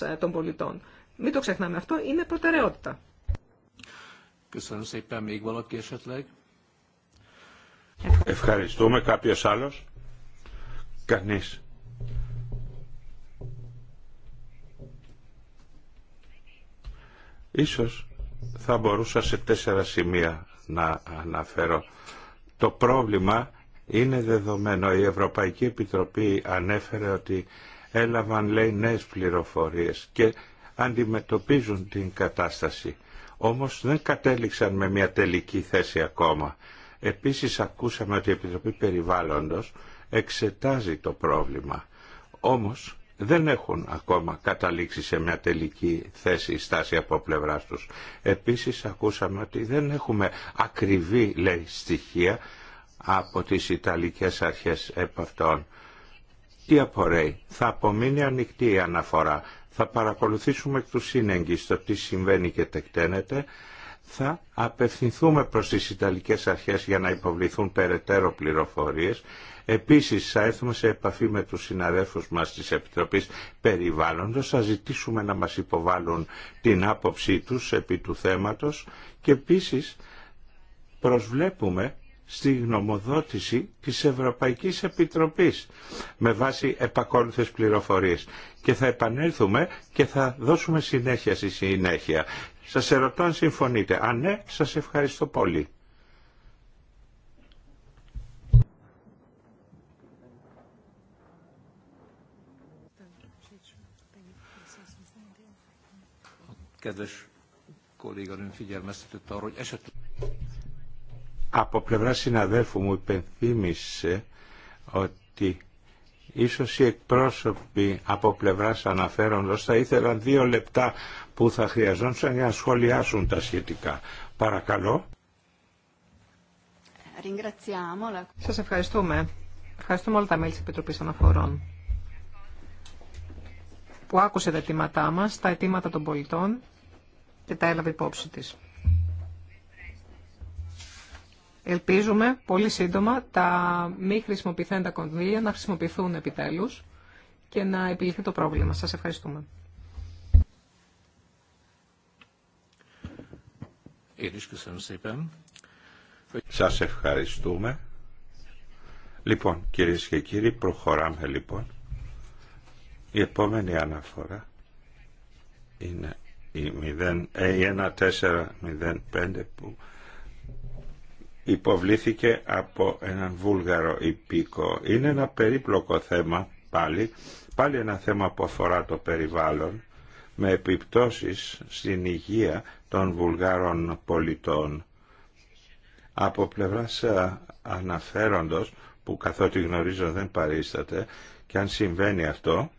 Ε, των πολιτών. Μην το ξεχνάμε αυτό, είναι προτεραιότητα. Ευχαριστούμε. κάποιο άλλος. Κανείς. Ίσως θα μπορούσα σε τέσσερα σημεία να αναφέρω. Το πρόβλημα είναι δεδομένο. Η Ευρωπαϊκή Επιτροπή ανέφερε ότι έλαβαν λέει νέες πληροφορίες και αντιμετωπίζουν την κατάσταση. Όμως δεν κατέληξαν με μια τελική θέση ακόμα. Επίσης ακούσαμε ότι η Επιτροπή Περιβάλλοντος εξετάζει το πρόβλημα. Όμως δεν έχουν ακόμα καταλήξει σε μια τελική θέση ή στάση από πλευράς τους. Επίσης ακούσαμε ότι δεν έχουμε ακριβή λέει, στοιχεία από τις Ιταλικές αρχές επ' αυτών τι απορρέει. Θα απομείνει ανοιχτή η αναφορά. Θα παρακολουθήσουμε εκ του σύνεγγι στο τι συμβαίνει και τεκταίνεται. Θα απευθυνθούμε προς τις Ιταλικές Αρχές για να υποβληθούν περαιτέρω πληροφορίες. Επίσης θα έρθουμε σε επαφή με τους συναδέλφους μας της Επιτροπής Περιβάλλοντος, θα ζητήσουμε να μας υποβάλουν την άποψή τους επί του θέματος και επίσης προσβλέπουμε στη γνωμοδότηση της Ευρωπαϊκής Επιτροπής με βάση επακόλουθες πληροφορίες και θα επανέλθουμε και θα δώσουμε συνέχεια στη συνέχεια. Σας ερωτώ αν συμφωνείτε. Αν ναι, σας ευχαριστώ πολύ από πλευρά συναδέλφου μου υπενθύμησε ότι ίσως οι εκπρόσωποι από πλευράς αναφέροντος θα ήθελαν δύο λεπτά που θα χρειαζόντουσαν για να σχολιάσουν τα σχετικά. Παρακαλώ. Σας ευχαριστούμε. Ευχαριστούμε όλα τα μέλη της Επιτροπής Αναφορών που άκουσε τα αιτήματά μας, τα αιτήματα των πολιτών και τα έλαβε υπόψη της. Ελπίζουμε πολύ σύντομα τα μη χρησιμοποιηθέντα κονδύλια να χρησιμοποιηθούν επιτέλους και να επιληθεί το πρόβλημα. Σας ευχαριστούμε. Σας ευχαριστούμε. Λοιπόν, κυρίε και κύριοι, προχωράμε λοιπόν. Η επόμενη αναφορά είναι η 1405 που υποβλήθηκε από έναν βούλγαρο υπήκο. Είναι ένα περίπλοκο θέμα πάλι, πάλι ένα θέμα που αφορά το περιβάλλον με επιπτώσεις στην υγεία των βουλγάρων πολιτών. Από πλευράς ε, αναφέροντος, που καθότι γνωρίζω δεν παρίσταται, και αν συμβαίνει αυτό,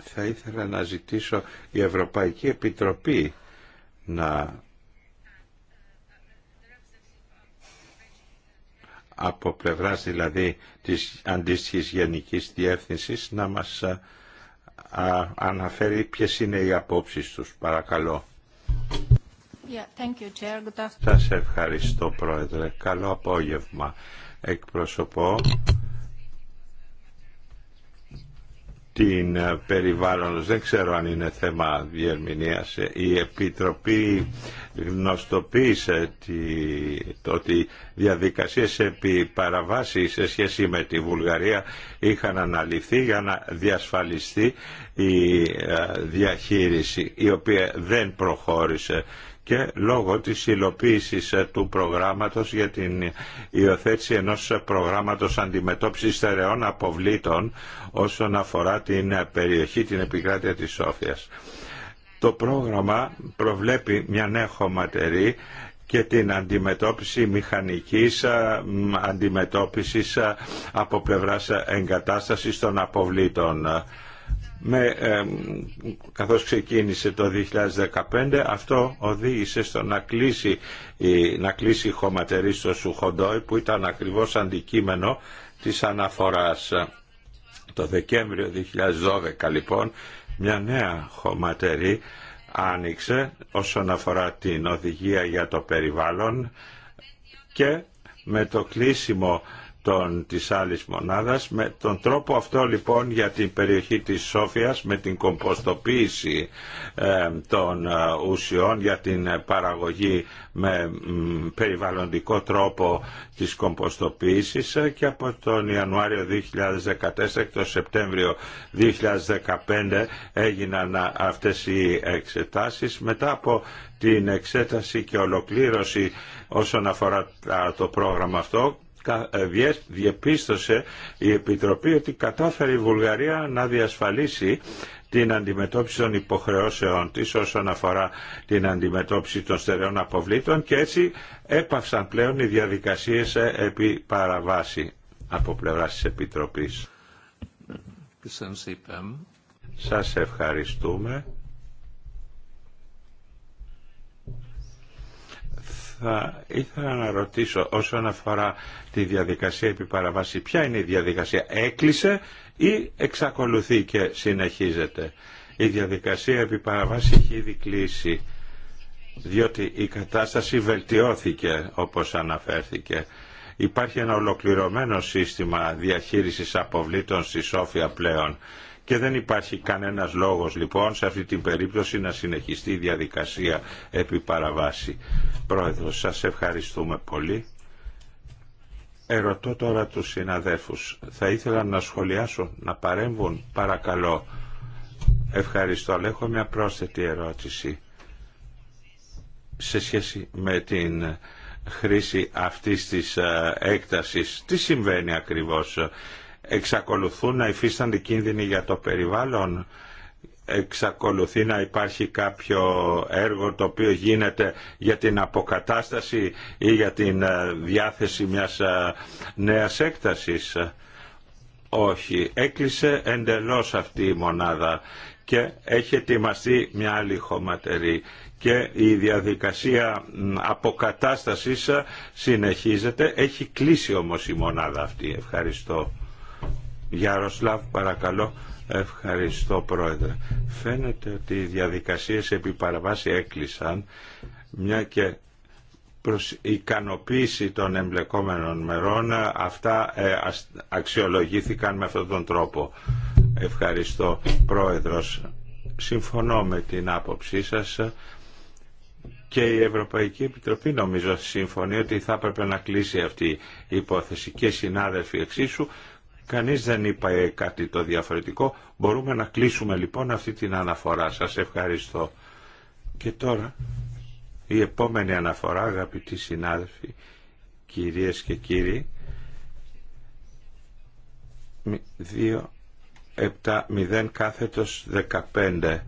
θα ήθελα να ζητήσω η Ευρωπαϊκή Επιτροπή να από πλευράς δηλαδή της αντίστοιχης γενικής διεύθυνσης να μας αναφέρει ποιες είναι οι απόψεις τους. Παρακαλώ. Yeah, Σας ευχαριστώ Πρόεδρε. Καλό απόγευμα. Εκπροσωπώ την ε, περιβάλλοντος. Δεν ξέρω αν είναι θέμα διερμηνίας. Ε, η Επιτροπή γνωστοποίησε το ότι διαδικασίες επί παραβάση σε σχέση με τη Βουλγαρία είχαν αναλυθεί για να διασφαλιστεί η ε, διαχείριση η οποία δεν προχώρησε και λόγω της υλοποίησης ε, του προγράμματος για την υιοθέτηση ενός προγράμματος αντιμετώπισης στερεών αποβλήτων όσον αφορά την περιοχή, την επικράτεια της Σόφιας. Το πρόγραμμα προβλέπει μια νέα χωματερή και την αντιμετώπιση μηχανικής ε, αντιμετώπισης ε, από πλευράς εγκατάστασης των αποβλήτων με, καθώς ξεκίνησε το 2015 αυτό οδήγησε στο να κλείσει, να κλείσει η χωματερή στο Σουχοντόι που ήταν ακριβώς αντικείμενο της αναφοράς. Το Δεκέμβριο 2012 λοιπόν μια νέα χωματερή άνοιξε όσον αφορά την οδηγία για το περιβάλλον και με το κλείσιμο των, της άλλης μονάδας. Με τον τρόπο αυτό λοιπόν για την περιοχή της Σόφιας με την κομποστοποίηση ε, των ε, ουσιών για την παραγωγή με περιβαλλοντικό τρόπο της κομποστοποίησης ε, και από τον Ιανουάριο 2014 και τον Σεπτέμβριο 2015 έγιναν ε, αυτές οι εξετάσεις μετά από την εξέταση και ολοκλήρωση όσον αφορά το πρόγραμμα αυτό ε, διεπίστωσε η Επιτροπή ότι κατάφερε η Βουλγαρία να διασφαλίσει την αντιμετώπιση των υποχρεώσεών της όσον αφορά την αντιμετώπιση των στερεών αποβλήτων και έτσι έπαυσαν πλέον οι διαδικασίες ε, επί παραβάση από πλευράς της Επιτροπής. Σας ευχαριστούμε. θα ήθελα να ρωτήσω όσον αφορά τη διαδικασία επιπαραβάση. Ποια είναι η διαδικασία. Έκλεισε ή εξακολουθεί και συνεχίζεται. Η διαδικασία επιπαραβάση έχει ήδη κλείσει διότι η κατάσταση βελτιώθηκε όπως αναφέρθηκε. Υπάρχει ένα ολοκληρωμένο σύστημα διαχείρισης αποβλήτων στη Σόφια πλέον και δεν υπάρχει κανένας λόγος λοιπόν σε αυτή την περίπτωση να συνεχιστεί η διαδικασία επί παραβάση. Πρόεδρος, σας ευχαριστούμε πολύ. Ερωτώ τώρα τους συναδέφους. Θα ήθελα να σχολιάσω, να παρέμβουν, παρακαλώ. Ευχαριστώ. Αλλά έχω μια πρόσθετη ερώτηση σε σχέση με την χρήση αυτής της ε, έκτασης. Τι συμβαίνει ακριβώς εξακολουθούν να υφίστανται κίνδυνοι για το περιβάλλον εξακολουθεί να υπάρχει κάποιο έργο το οποίο γίνεται για την αποκατάσταση ή για την ε, διάθεση μιας ε, νέας έκτασης. Όχι, έκλεισε εντελώς αυτή η μονάδα και έχει ετοιμαστεί μια άλλη χωματερή και η διαδικασία αποκατάστασης συνεχίζεται. Έχει κλείσει όμως η μονάδα αυτή. Ευχαριστώ. Γιάροσλαβ, παρακαλώ. Ευχαριστώ Πρόεδρε. Φαίνεται ότι οι διαδικασίες επί παραβάση έκλεισαν, μια και προς ικανοποίηση των εμπλεκόμενων μερών αυτά ε, αξιολογήθηκαν με αυτόν τον τρόπο. Ευχαριστώ Πρόεδρος. Συμφωνώ με την άποψή σας και η Ευρωπαϊκή Επιτροπή νομίζω συμφωνεί ότι θα έπρεπε να κλείσει αυτή η υπόθεση και συνάδελφοι εξίσου Κανείς δεν είπε κάτι το διαφορετικό. Μπορούμε να κλείσουμε λοιπόν αυτή την αναφορά. Σας ευχαριστώ. Και τώρα η επόμενη αναφορά αγαπητοί συνάδελφοι, κυρίες και κύριοι 270 κάθετος 15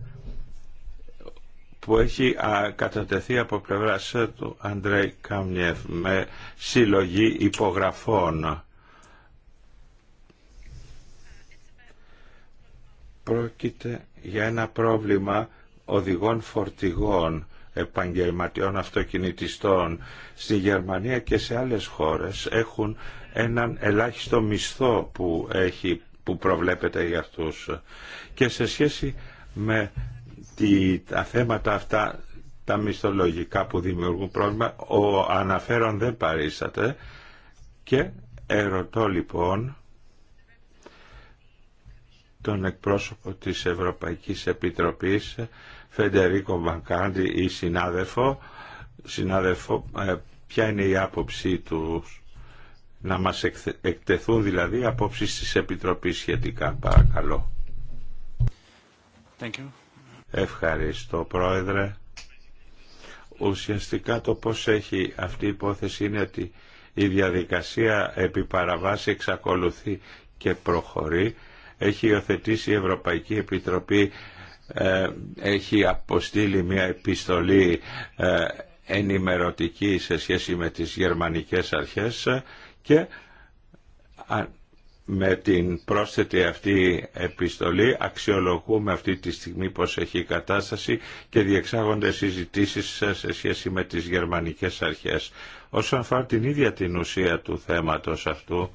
που έχει κατατεθεί από πλευρά του Αντρέη Καμνιεύ με συλλογή υπογραφών Πρόκειται για ένα πρόβλημα οδηγών φορτηγών επαγγελματιών αυτοκινητιστών στη Γερμανία και σε άλλες χώρες έχουν έναν ελάχιστο μισθό που, έχει, που προβλέπεται για αυτούς. Και σε σχέση με τα θέματα αυτά, τα μισθολογικά που δημιουργούν πρόβλημα, ο αναφέρον δεν παρίσταται και ερωτώ λοιπόν τον εκπρόσωπο της Ευρωπαϊκής Επιτροπής Φεντερίκο Μπανκάντι ή συνάδελφο, συνάδελφο ε, ποια είναι η άποψή του να μας εκτεθούν δηλαδή απόψεις της Επιτροπής σχετικά παρακαλώ Ευχαριστώ Πρόεδρε Ουσιαστικά το πώς έχει αυτή η υπόθεση είναι ότι η διαδικασία επί παραβάση εξακολουθεί και προχωρεί έχει υιοθετήσει η Ευρωπαϊκή Επιτροπή ε, έχει αποστείλει μια επιστολή ε, ενημερωτική σε σχέση με τις γερμανικές αρχές και με την πρόσθετη αυτή επιστολή αξιολογούμε αυτή τη στιγμή πως έχει κατάσταση και διεξάγονται συζητήσεις σε σχέση με τις γερμανικές αρχές. Όσον αφορά την ίδια την ουσία του θέματος αυτού,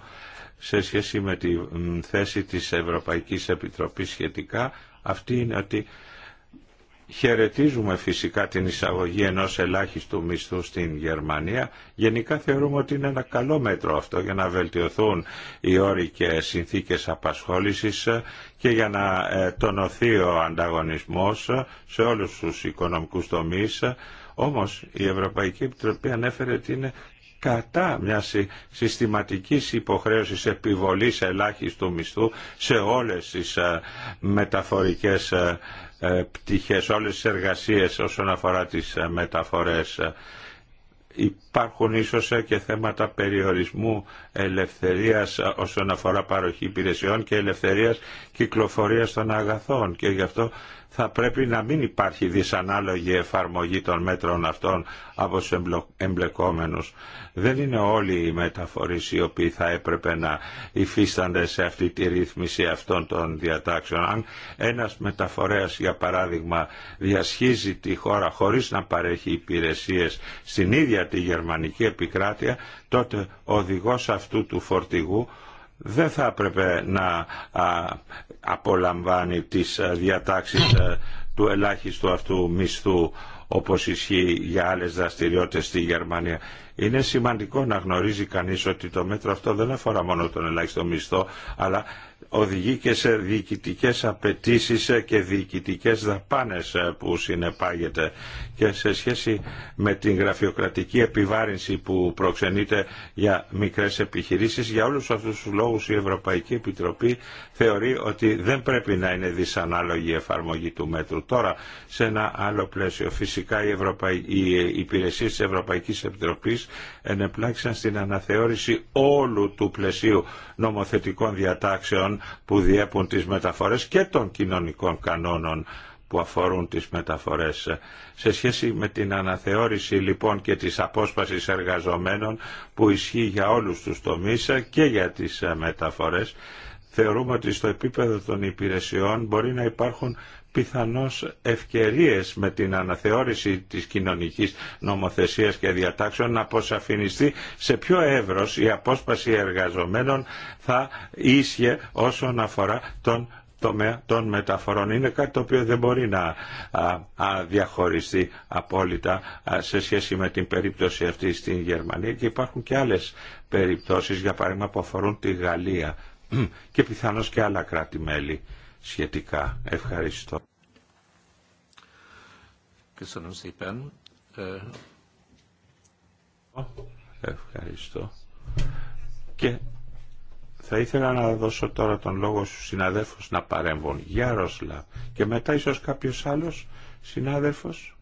σε σχέση με τη θέση της Ευρωπαϊκής Επιτροπής σχετικά, αυτή είναι ότι χαιρετίζουμε φυσικά την εισαγωγή ενός ελάχιστου μισθού στην Γερμανία. Γενικά θεωρούμε ότι είναι ένα καλό μέτρο αυτό για να βελτιωθούν οι όροι και συνθήκες απασχόλησης και για να ε, τονωθεί ο ανταγωνισμός σε όλους τους οικονομικούς τομείς. Όμως η Ευρωπαϊκή Επιτροπή ανέφερε ότι είναι κατά μια συστηματικής υποχρέωσης επιβολής ελάχιστου μισθού σε όλες τις ε, μεταφορικές ε, ε, πτυχές, όλες τις εργασίες όσον αφορά τις μεταφορές. Υπάρχουν ίσως και θέματα περιορισμού ελευθερίας όσον αφορά παροχή υπηρεσιών και ελευθερίας κυκλοφορίας των αγαθών και γι' αυτό θα πρέπει να μην υπάρχει δυσανάλογη εφαρμογή των μέτρων αυτών από τους εμπλεκόμενους. Δεν είναι όλοι οι μεταφορείς οι οποίοι θα έπρεπε να υφίστανται σε αυτή τη ρύθμιση αυτών των διατάξεων. Αν ένας μεταφορέας για παράδειγμα διασχίζει τη χώρα χωρίς να παρέχει υπηρεσίες στην ίδια τη γερμανική επικράτεια, τότε ο οδηγός αυτού του φορτηγού δεν θα έπρεπε να απολαμβάνει τις διατάξεις του ελάχιστου αυτού μισθού όπως ισχύει για άλλες δραστηριότητες στη Γερμανία. Είναι σημαντικό να γνωρίζει κανείς ότι το μέτρο αυτό δεν αφορά μόνο τον ελάχιστο μισθό, αλλά οδηγεί και σε διοικητικές απαιτήσει και διοικητικές δαπάνες ε, που συνεπάγεται και σε σχέση με την γραφειοκρατική επιβάρυνση που προξενείται για μικρές επιχειρήσεις. Για όλους αυτούς τους λόγους η Ευρωπαϊκή Επιτροπή θεωρεί ότι δεν πρέπει να είναι δυσανάλογη η εφαρμογή του μέτρου. Τώρα, σε ένα άλλο πλαίσιο, φυσικά οι, Ευρωπαϊ... οι υπηρεσίες της Ευρωπαϊκής Επιτροπής ενεπλάξαν στην αναθεώρηση όλου του πλαισίου νομοθετικών διατάξεων που διέπουν τις μεταφορές και των κοινωνικών κανόνων που αφορούν τις μεταφορές. Σε σχέση με την αναθεώρηση λοιπόν και της απόσπασης εργαζομένων που ισχύει για όλους τους τομείς και για τις μεταφορές, θεωρούμε ότι στο επίπεδο των υπηρεσιών μπορεί να υπάρχουν πιθανώς ευκαιρίες με την αναθεώρηση της κοινωνικής νομοθεσίας και διατάξεων να αποσαφινιστεί σε ποιο εύρος η απόσπαση εργαζομένων θα ίσχυε όσον αφορά τον τομέα των μεταφορών. Είναι κάτι το οποίο δεν μπορεί να διαχωριστεί απόλυτα σε σχέση με την περίπτωση αυτή στην Γερμανία και υπάρχουν και άλλες περιπτώσεις για παράδειγμα που αφορούν τη Γαλλία και πιθανώς και άλλα κράτη-μέλη σχετικά. Ευχαριστώ. Ε, ευχαριστώ. Και θα ήθελα να δώσω τώρα τον λόγο στους συναδέλφους να παρέμβουν. Ρόσλα. Και μετά ίσως κάποιος άλλος συνάδελφος.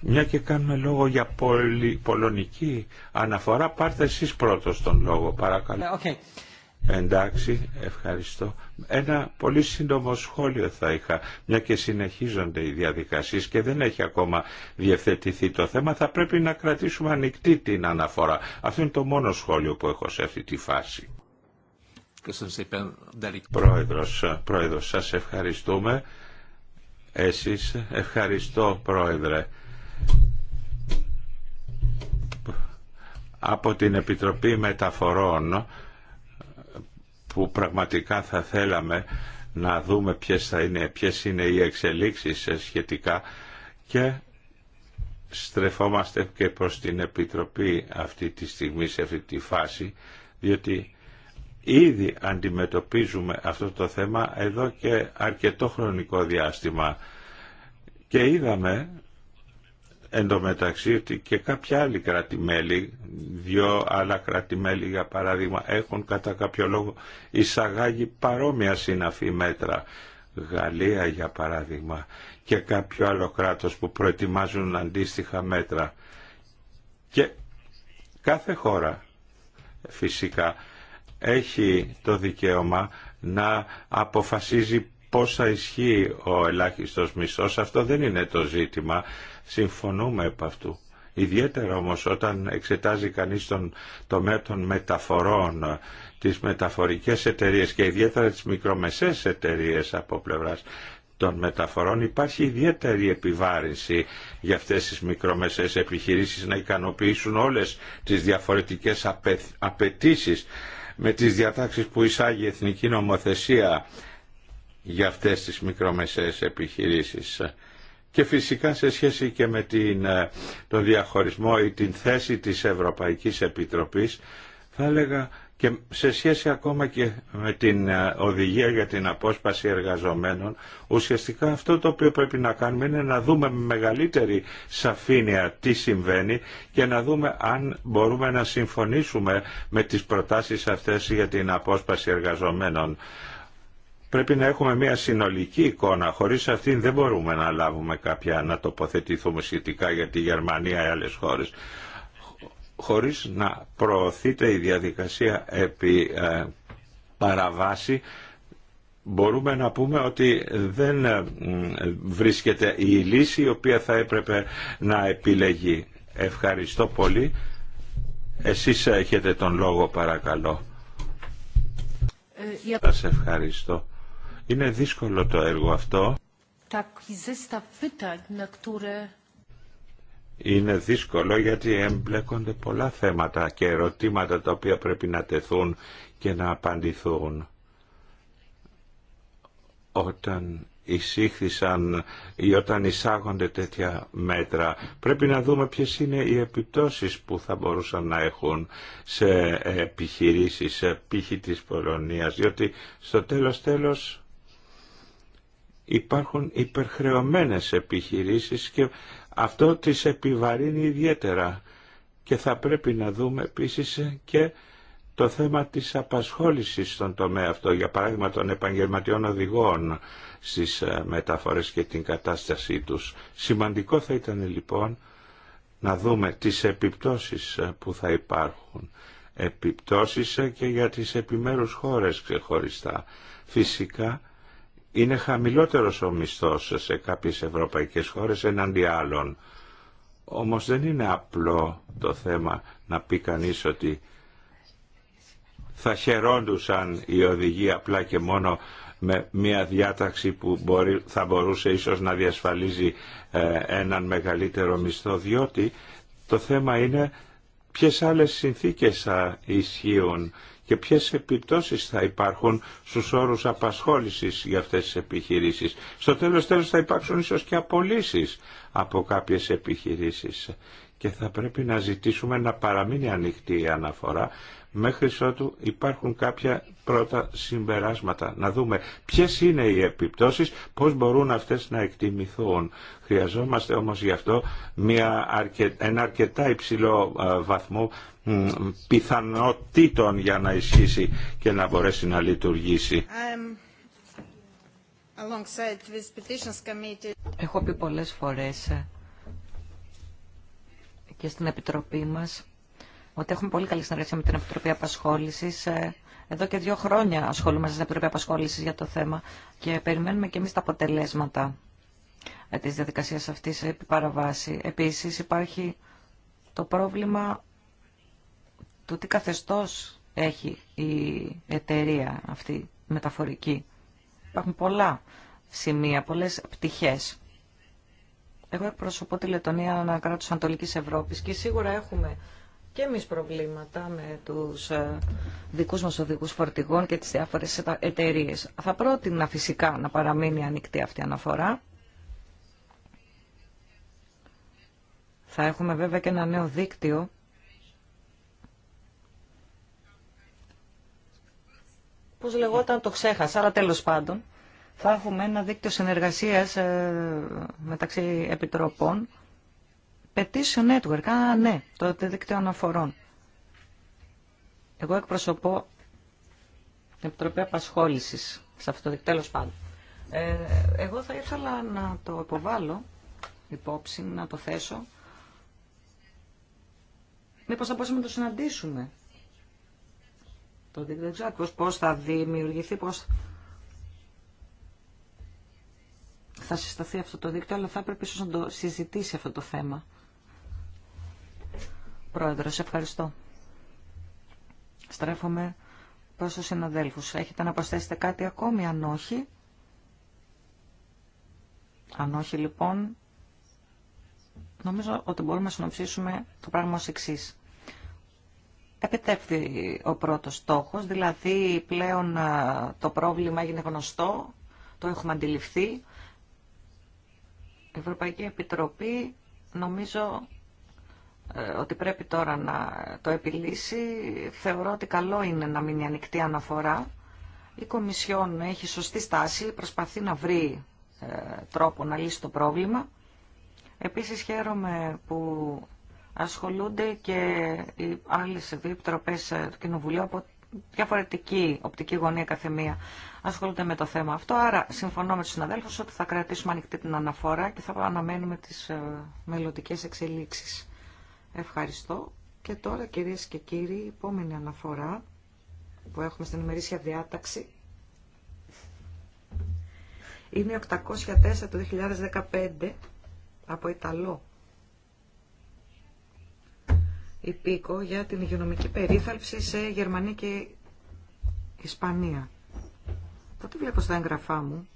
Μια και κάνουμε λόγο για πολυ, πολωνική αναφορά, πάρτε εσείς πρώτος τον λόγο, παρακαλώ. Ε, Εντάξει, ευχαριστώ. Ένα πολύ σύντομο σχόλιο θα είχα, μια και συνεχίζονται οι διαδικασίες και δεν έχει ακόμα διευθετηθεί το θέμα. Θα πρέπει να κρατήσουμε ανοιχτή την αναφορά. Αυτό είναι το μόνο σχόλιο που έχω σε αυτή τη φάση. Πρόεδρος, πρόεδρος, σας ευχαριστούμε. Εσείς, ευχαριστώ πρόεδρε. Από την Επιτροπή Μεταφορών που πραγματικά θα θέλαμε να δούμε ποιες, θα είναι, είναι οι εξελίξεις σχετικά και στρεφόμαστε και προς την Επιτροπή αυτή τη στιγμή σε αυτή τη φάση διότι ήδη αντιμετωπίζουμε αυτό το θέμα εδώ και αρκετό χρονικό διάστημα και είδαμε εντωμεταξύ ότι και κάποια άλλη δύο κρατημέλη για παράδειγμα, έχουν κατά κάποιο λόγο εισαγάγει παρόμοια συναφή μέτρα. Γαλλία για παράδειγμα και κάποιο άλλο κράτος που προετοιμάζουν αντίστοιχα μέτρα. Και κάθε χώρα φυσικά έχει το δικαίωμα να αποφασίζει πόσα ισχύει ο ελάχιστος μισός. αυτό δεν είναι το ζήτημα. Συμφωνούμε επ' αυτού. Ιδιαίτερα όμως όταν εξετάζει κανείς τον τομέα των μεταφορών, τις μεταφορικές εταιρείες και ιδιαίτερα τις μικρομεσαίες εταιρείες από πλευράς των μεταφορών υπάρχει ιδιαίτερη επιβάρυνση για αυτές τις μικρομεσαίες επιχειρήσεις να ικανοποιήσουν όλες τις διαφορετικές απαιτήσει με τις διατάξεις που εισάγει η Εθνική Νομοθεσία για αυτές τις μικρομεσαίες επιχειρήσεις. Και φυσικά σε σχέση και με την, ε, τον διαχωρισμό ή την θέση της Ευρωπαϊκής Επιτροπής, θα έλεγα και σε σχέση ακόμα και με την ε, οδηγία για την απόσπαση εργαζομένων, ουσιαστικά αυτό το οποίο πρέπει να κάνουμε είναι να δούμε με μεγαλύτερη σαφήνεια τι συμβαίνει και να δούμε αν μπορούμε να συμφωνήσουμε με τις προτάσεις αυτές για την απόσπαση εργαζομένων. Πρέπει να έχουμε μια συνολική εικόνα. Χωρίς αυτήν δεν μπορούμε να λάβουμε κάποια, να τοποθετηθούμε σχετικά για τη Γερμανία ή άλλες χώρες. Χωρίς να προωθείται η διαδικασία επί ε, παραβάση, μπορούμε να πούμε ότι δεν ε, βρίσκεται η λύση η θα έπρεπε να επιλεγεί. Ευχαριστώ πολύ. Εσείς έχετε τον λόγο παρακαλώ. Ε, Σας ευχαριστώ. Είναι δύσκολο το έργο αυτό. Είναι δύσκολο γιατί εμπλέκονται πολλά θέματα και ερωτήματα τα οποία πρέπει να τεθούν και να απαντηθούν. Όταν εισήχθησαν ή όταν εισάγονται τέτοια μέτρα. Πρέπει να δούμε ποιες είναι οι επιπτώσεις που θα μπορούσαν να έχουν σε επιχειρήσεις, σε πύχη της Πολωνίας, διότι στο τέλος τέλος υπάρχουν υπερχρεωμένες επιχειρήσεις και αυτό τις επιβαρύνει ιδιαίτερα. Και θα πρέπει να δούμε επίσης και το θέμα της απασχόλησης στον τομέα αυτό, για παράδειγμα των επαγγελματιών οδηγών στις ε, μεταφορές και την κατάστασή τους. Σημαντικό θα ήταν λοιπόν να δούμε τις επιπτώσεις ε, που θα υπάρχουν. Επιπτώσεις ε, και για τις επιμέρους χώρες ξεχωριστά. Φυσικά είναι χαμηλότερος ο μισθός σε κάποιες ευρωπαϊκές χώρες εναντί άλλων. Όμως δεν είναι απλό το θέμα να πει κανείς ότι θα χαιρόντουσαν οι οδηγοί απλά και μόνο με μια διάταξη που μπορεί, θα μπορούσε ίσως να διασφαλίζει ε, έναν μεγαλύτερο μισθό διότι το θέμα είναι ποιες άλλες συνθήκες θα ισχύουν και ποιες επιπτώσεις θα υπάρχουν στους όρους απασχόλησης για αυτές τις επιχειρήσεις. Στο τέλος τέλος θα υπάρξουν ίσως και απολύσεις από κάποιες επιχειρήσεις και θα πρέπει να ζητήσουμε να παραμείνει ανοιχτή η αναφορά μέχρι ότου υπάρχουν κάποια πρώτα συμπεράσματα. Να δούμε ποιες είναι οι επιπτώσεις, πώς μπορούν αυτές να εκτιμηθούν. Χρειαζόμαστε όμως γι' αυτό μια, ένα αρκετά υψηλό ε, βαθμό πιθανότητων για να ισχύσει και να μπορέσει να λειτουργήσει. Έχω πει πολλές φορές ε, και στην Επιτροπή μας ότι έχουμε πολύ καλή συνεργασία με την Επιτροπή Απασχόλησης. Ε, εδώ και δύο χρόνια ασχολούμαστε στην Επιτροπή Απασχόλησης για το θέμα και περιμένουμε και εμείς τα αποτελέσματα ε, της διαδικασίας αυτής επί παραβάση. Επίσης υπάρχει το πρόβλημα το τι καθεστώς έχει η εταιρεία αυτή μεταφορική. Υπάρχουν πολλά σημεία, πολλές πτυχές. Εγώ εκπροσωπώ τη Λετωνία ένα κράτος Ανατολικής Ευρώπης και σίγουρα έχουμε και εμείς προβλήματα με τους ε, δικούς μας οδηγούς φορτηγών και τις διάφορες εταιρείε. Θα πρότεινα φυσικά να παραμείνει ανοιχτή αυτή η αναφορά. Θα έχουμε βέβαια και ένα νέο δίκτυο πώς λεγόταν το ξέχασα, αλλά τέλος πάντων θα έχουμε ένα δίκτυο συνεργασίας ε, μεταξύ επιτροπών. Petition Network, α ναι, το δίκτυο αναφορών. Εγώ εκπροσωπώ την Επιτροπή Απασχόλησης σε αυτό το δίκτυο, τέλος πάντων. Ε, εγώ θα ήθελα να το υποβάλω υπόψη, να το θέσω. Μήπως θα μπορούσαμε να το συναντήσουμε το δίκτυο δεν πώς θα δημιουργηθεί, πώς θα συσταθεί αυτό το δίκτυο, αλλά θα πρέπει ίσως να το συζητήσει αυτό το θέμα. Πρόεδρος, ευχαριστώ. Στρέφομαι προς τους συναδέλφους. Έχετε να προσθέσετε κάτι ακόμη, αν όχι. Αν όχι, λοιπόν, νομίζω ότι μπορούμε να συνοψίσουμε το πράγμα ως εξής επιτεύχθη ο πρώτος στόχος, δηλαδή πλέον το πρόβλημα έγινε γνωστό, το έχουμε αντιληφθεί. Η Ευρωπαϊκή Επιτροπή νομίζω ε, ότι πρέπει τώρα να το επιλύσει. Θεωρώ ότι καλό είναι να μείνει ανοιχτή αναφορά. Η Κομισιόν έχει σωστή στάση, προσπαθεί να βρει ε, τρόπο να λύσει το πρόβλημα. Επίσης χαίρομαι που ασχολούνται και οι άλλε δύο ε, του Κοινοβουλίου από διαφορετική οπτική γωνία καθεμία ασχολούνται με το θέμα αυτό. Άρα συμφωνώ με τους συναδέλφου ότι θα κρατήσουμε ανοιχτή την αναφορά και θα αναμένουμε τις ε, μελλοντικέ εξελίξεις. Ευχαριστώ. Και τώρα κυρίες και κύριοι, η επόμενη αναφορά που έχουμε στην ημερήσια διάταξη είναι 804 του 2015 από Ιταλό υπήκο για την υγειονομική περίθαλψη σε Γερμανία και Ισπανία. Το βλέπω στα έγγραφά μου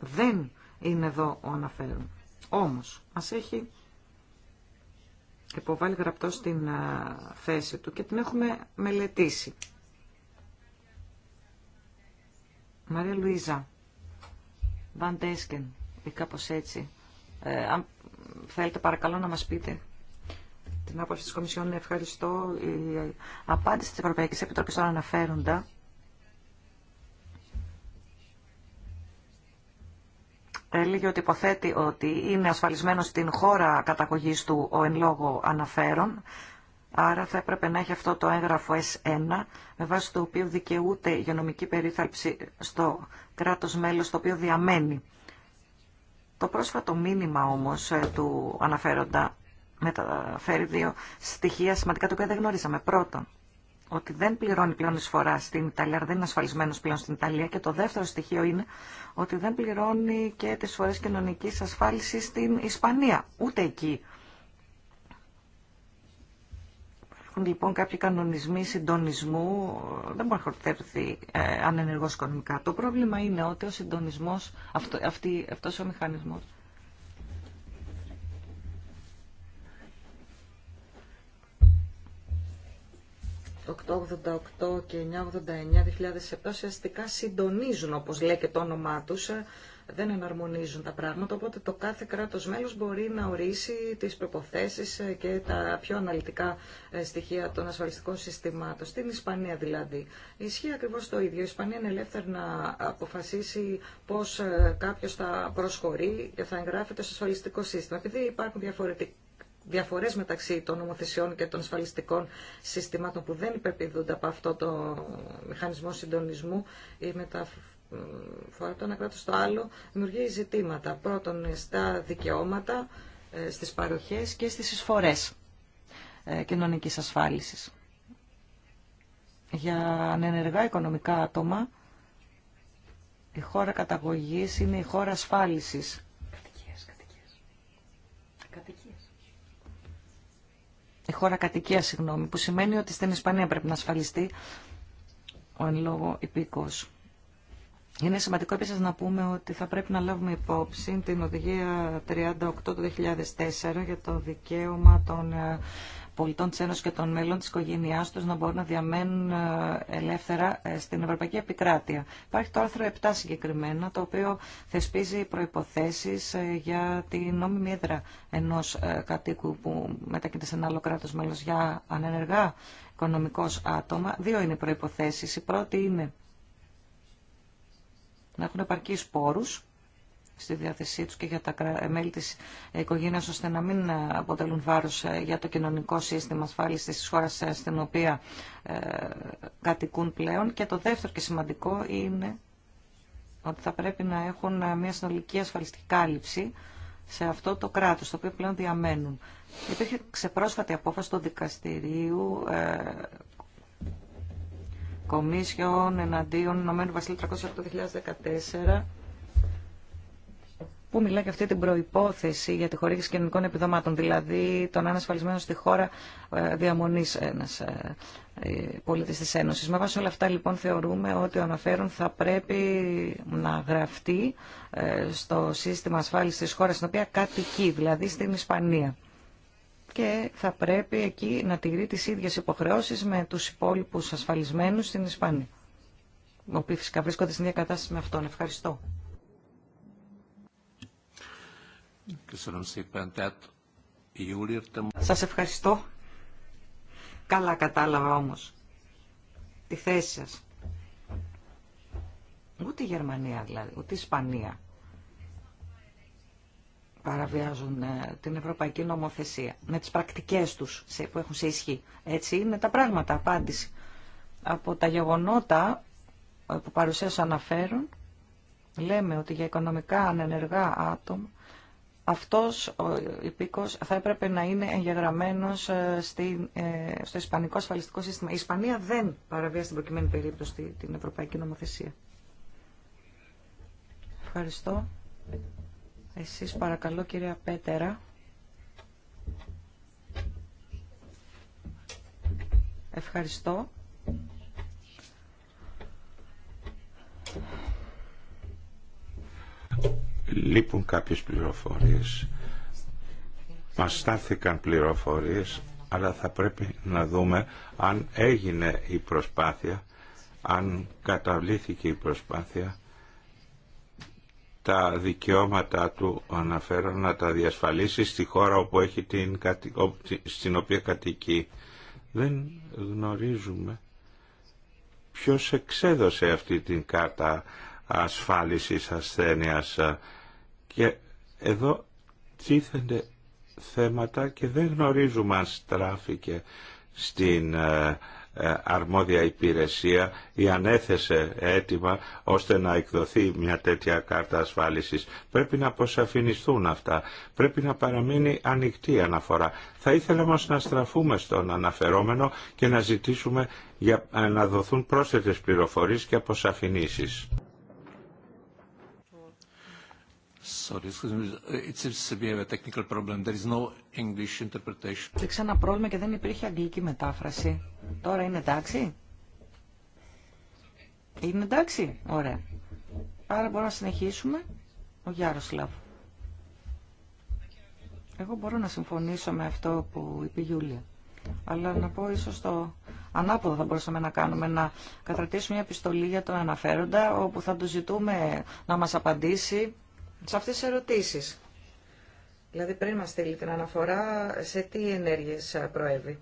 δεν είναι εδώ ο αναφέρον. Όμως, μας έχει υποβάλει γραπτό στην θέση του και την έχουμε μελετήσει. Μαρία Λουίζα, Βαντέσκεν ή κάπως έτσι. Ε, θέλετε παρακαλώ να μας πείτε την άποψη της Κομισιόν. Ευχαριστώ. Η απάντηση της Ευρωπαϊκής Επιτροπής τώρα αναφέροντα έλεγε ότι υποθέτει ότι είναι ασφαλισμένο στην χώρα καταγωγής του ο εν λόγω αναφέρον. Άρα θα έπρεπε να έχει αυτό το έγγραφο S1, με βάση το οποίο δικαιούται η υγειονομική περίθαλψη στο κράτος μέλος το οποίο διαμένει. Το πρόσφατο μήνυμα όμως ε, του αναφέροντα μεταφέρει δύο στοιχεία σημαντικά τα οποία δεν γνωρίζαμε. Πρώτον, ότι δεν πληρώνει πλέον εισφορά στην Ιταλία, δεν είναι ασφαλισμένο πλέον στην Ιταλία. Και το δεύτερο στοιχείο είναι ότι δεν πληρώνει και τι φορέ κοινωνική ασφάλιση στην Ισπανία. Ούτε εκεί. Υπάρχουν λοιπόν κάποιοι κανονισμοί συντονισμού. Δεν μπορεί να χορτέψει ε, οικονομικά. Το πρόβλημα είναι ότι ο συντονισμό, αυτό, αυτός ο μηχανισμός Το 888 και 989-2007 ουσιαστικά συντονίζουν, όπως λέει και το όνομά τους, ε, δεν εναρμονίζουν τα πράγματα, οπότε το κάθε κράτος μέλος μπορεί να ορίσει τις προποθέσεις ε, και τα πιο αναλυτικά ε, στοιχεία των ασφαλιστικών συστημάτων. Στην Ισπανία δηλαδή. Ισχύει ακριβώς το ίδιο. Η Ισπανία είναι ελεύθερη να αποφασίσει πώς κάποιος θα προσχωρεί και θα εγγράφεται στο ασφαλιστικό σύστημα. Επειδή υπάρχουν διαφορετικά διαφορές μεταξύ των νομοθεσιών και των ασφαλιστικών συστημάτων που δεν υπερπηδούνται από αυτό το μηχανισμό συντονισμού ή μεταφορά το ένα κράτο στο άλλο δημιουργεί ζητήματα. Πρώτον, στα δικαιώματα, ε, στις παροχές και στις εισφορές ε, κοινωνική ασφάλισης. Για ανενεργά οικονομικά άτομα, η χώρα καταγωγής είναι η χώρα ασφάλισης η ε, χώρα κατοικία, συγγνώμη, που σημαίνει ότι στην Ισπανία πρέπει να ασφαλιστεί ο εν λόγω υπήκος. Είναι σημαντικό επίσης να πούμε ότι θα πρέπει να λάβουμε υπόψη την οδηγία 38 του 2004 για το δικαίωμα των ε, πολιτών της Ένωσης και των μέλων της οικογένειά τους να μπορούν να διαμένουν ε, ελεύθερα ε, στην Ευρωπαϊκή Επικράτεια. Υπάρχει το άρθρο 7 συγκεκριμένα, το οποίο θεσπίζει προϋποθέσεις ε, για την νόμιμη έδρα ενός κατοίκου που μετακινείται σε ένα άλλο κράτος μέλος για ανενεργά οικονομικός άτομα. Δύο είναι οι προϋποθέσεις. Η πρώτη είναι να έχουν επαρκείς πόρους στη διάθεσή τους και για τα μέλη της οικογένειας ώστε να μην αποτελούν βάρος ε, για το κοινωνικό σύστημα ασφάλισης της χώρας ε, στην οποία ε, κατοικούν πλέον. Και το δεύτερο και σημαντικό είναι ότι θα πρέπει να έχουν μια συνολική ασφαλιστική κάλυψη σε αυτό το κράτος, το οποίο πλέον διαμένουν. Υπήρχε ξεπρόσφατη απόφαση του δικαστηρίου ε, εναντίον Ηνωμένου Βασίλειου Βασιλείου 2014 που μιλάει για αυτή την προϋπόθεση για τη χορήγηση κοινωνικών επιδομάτων, δηλαδή των ασφαλισμένο στη χώρα ε, διαμονή ένα ε, ε, πολίτη τη Ένωση. Με βάση όλα αυτά λοιπόν θεωρούμε ότι ο αναφέρον θα πρέπει να γραφτεί στο σύστημα ασφάλισης τη χώρα, στην οποία κατοικεί, δηλαδή στην Ισπανία και θα πρέπει εκεί να τηρεί τι ίδιε υποχρεώσει με του υπόλοιπου ασφαλισμένου στην Ισπανία, οι οποίοι φυσικά βρίσκονται στην ίδια κατάσταση με αυτόν. Ευχαριστώ. Σας ευχαριστώ. Καλά κατάλαβα όμως τη θέση σας. Ούτε η Γερμανία δηλαδή, ούτε η Ισπανία παραβιάζουν ε, την ευρωπαϊκή νομοθεσία με τις πρακτικές τους που έχουν σε ισχύ. Έτσι είναι τα πράγματα, απάντηση. Από τα γεγονότα ε, που παρουσίασα αναφέρουν, λέμε ότι για οικονομικά ανενεργά άτομα αυτός ο υπήκος θα έπρεπε να είναι εγγεγραμμένος ε, στην, ε, στο Ισπανικό ασφαλιστικό σύστημα. Η Ισπανία δεν παραβίασε την προκειμένη περίπτωση την Ευρωπαϊκή Νομοθεσία. Ευχαριστώ. Εσείς παρακαλώ κυρία Πέτερα. Ευχαριστώ. λείπουν κάποιες πληροφορίες. Μας στάθηκαν πληροφορίες, αλλά θα πρέπει να δούμε αν έγινε η προσπάθεια, αν καταβλήθηκε η προσπάθεια, τα δικαιώματα του αναφέρω να τα διασφαλίσει στη χώρα όπου έχει την, στην οποία κατοικεί. Δεν γνωρίζουμε ποιος εξέδωσε αυτή την κάρτα ασφάλισης ασθένειας και εδώ τίθενται θέματα και δεν γνωρίζουμε αν στράφηκε στην ε, ε, αρμόδια υπηρεσία ή ανέθεσε έτοιμα ώστε να εκδοθεί μια τέτοια κάρτα ασφάλισης. Πρέπει να αποσαφινιστούν αυτά. Πρέπει να παραμείνει ανοιχτή η αναφορά. Θα ήθελα όμω να στραφούμε στον αναφερόμενο και να ζητήσουμε για ε, να δοθούν πρόσθετες πληροφορίες και αποσαφινίσεις. Sorry, be a technical problem. There is no English interpretation. πρόβλημα και δεν υπήρχε αγγλική μετάφραση. Τώρα είναι εντάξει. Είναι εντάξει. Ωραία. Άρα μπορούμε να συνεχίσουμε. Ο Λαβ. Εγώ μπορώ να συμφωνήσω με αυτό που είπε η Γιούλια. Αλλά να πω ίσως το ανάποδο θα μπορούσαμε να κάνουμε, να καταρτήσουμε μια επιστολή για τον αναφέροντα, όπου θα του ζητούμε να μας απαντήσει σε αυτές τις ερωτήσεις. Δηλαδή πριν μας στείλει την αναφορά σε τι ενέργειες προέβη.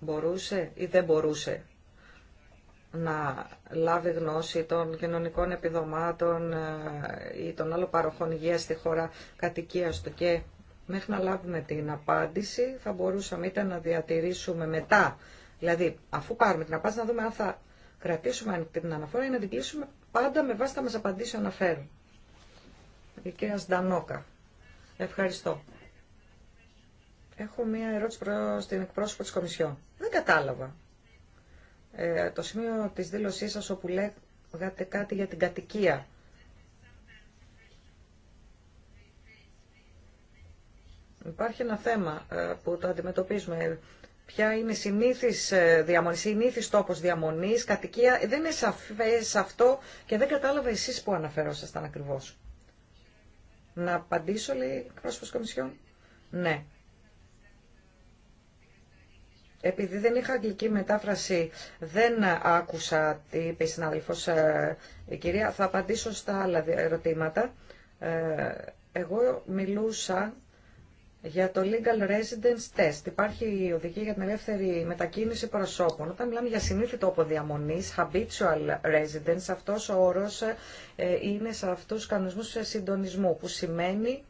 Μπορούσε ή δεν μπορούσε να λάβει γνώση των κοινωνικών επιδομάτων ε, ή των άλλων παροχών υγείας στη χώρα κατοικίας του και μέχρι να λάβουμε την απάντηση θα μπορούσαμε ήταν να διατηρήσουμε μετά, δηλαδή αφού πάρουμε την απάντηση να δούμε αν θα κρατήσουμε ανοιχτή την αναφορά ή να την κλείσουμε πάντα με βάση τα μας απαντήσει αναφέρουν. Η κυρία Σντανόκα. Ευχαριστώ. Έχω μία ερώτηση προς την εκπρόσωπο της Κομισιόν. Δεν κατάλαβα. Ε, το σημείο της δήλωσής σας όπου λέγατε κάτι για την κατοικία. Υπάρχει ένα θέμα ε, που το αντιμετωπίζουμε ποια είναι η συνήθις ε, διαμονή, συνήθις τόπος διαμονής, κατοικία. Ε, δεν είναι σαφές αυτό και δεν κατάλαβα εσείς που αναφερόσασταν ακριβώς. Να απαντήσω, λέει εκπρόσωπος Κομισιόν. Ναι. Επειδή δεν είχα αγγλική μετάφραση, δεν άκουσα τι είπε η συνάδελφος ε, η κυρία. Θα απαντήσω στα άλλα ερωτήματα. Εγώ μιλούσα για το legal residence test υπάρχει η οδηγία για την ελεύθερη μετακίνηση προσώπων. Όταν μιλάμε για συνήθι τόπο διαμονή, habitual residence, αυτό ο όρο ε, είναι σε αυτού του κανονισμού συντονισμού, που σημαίνει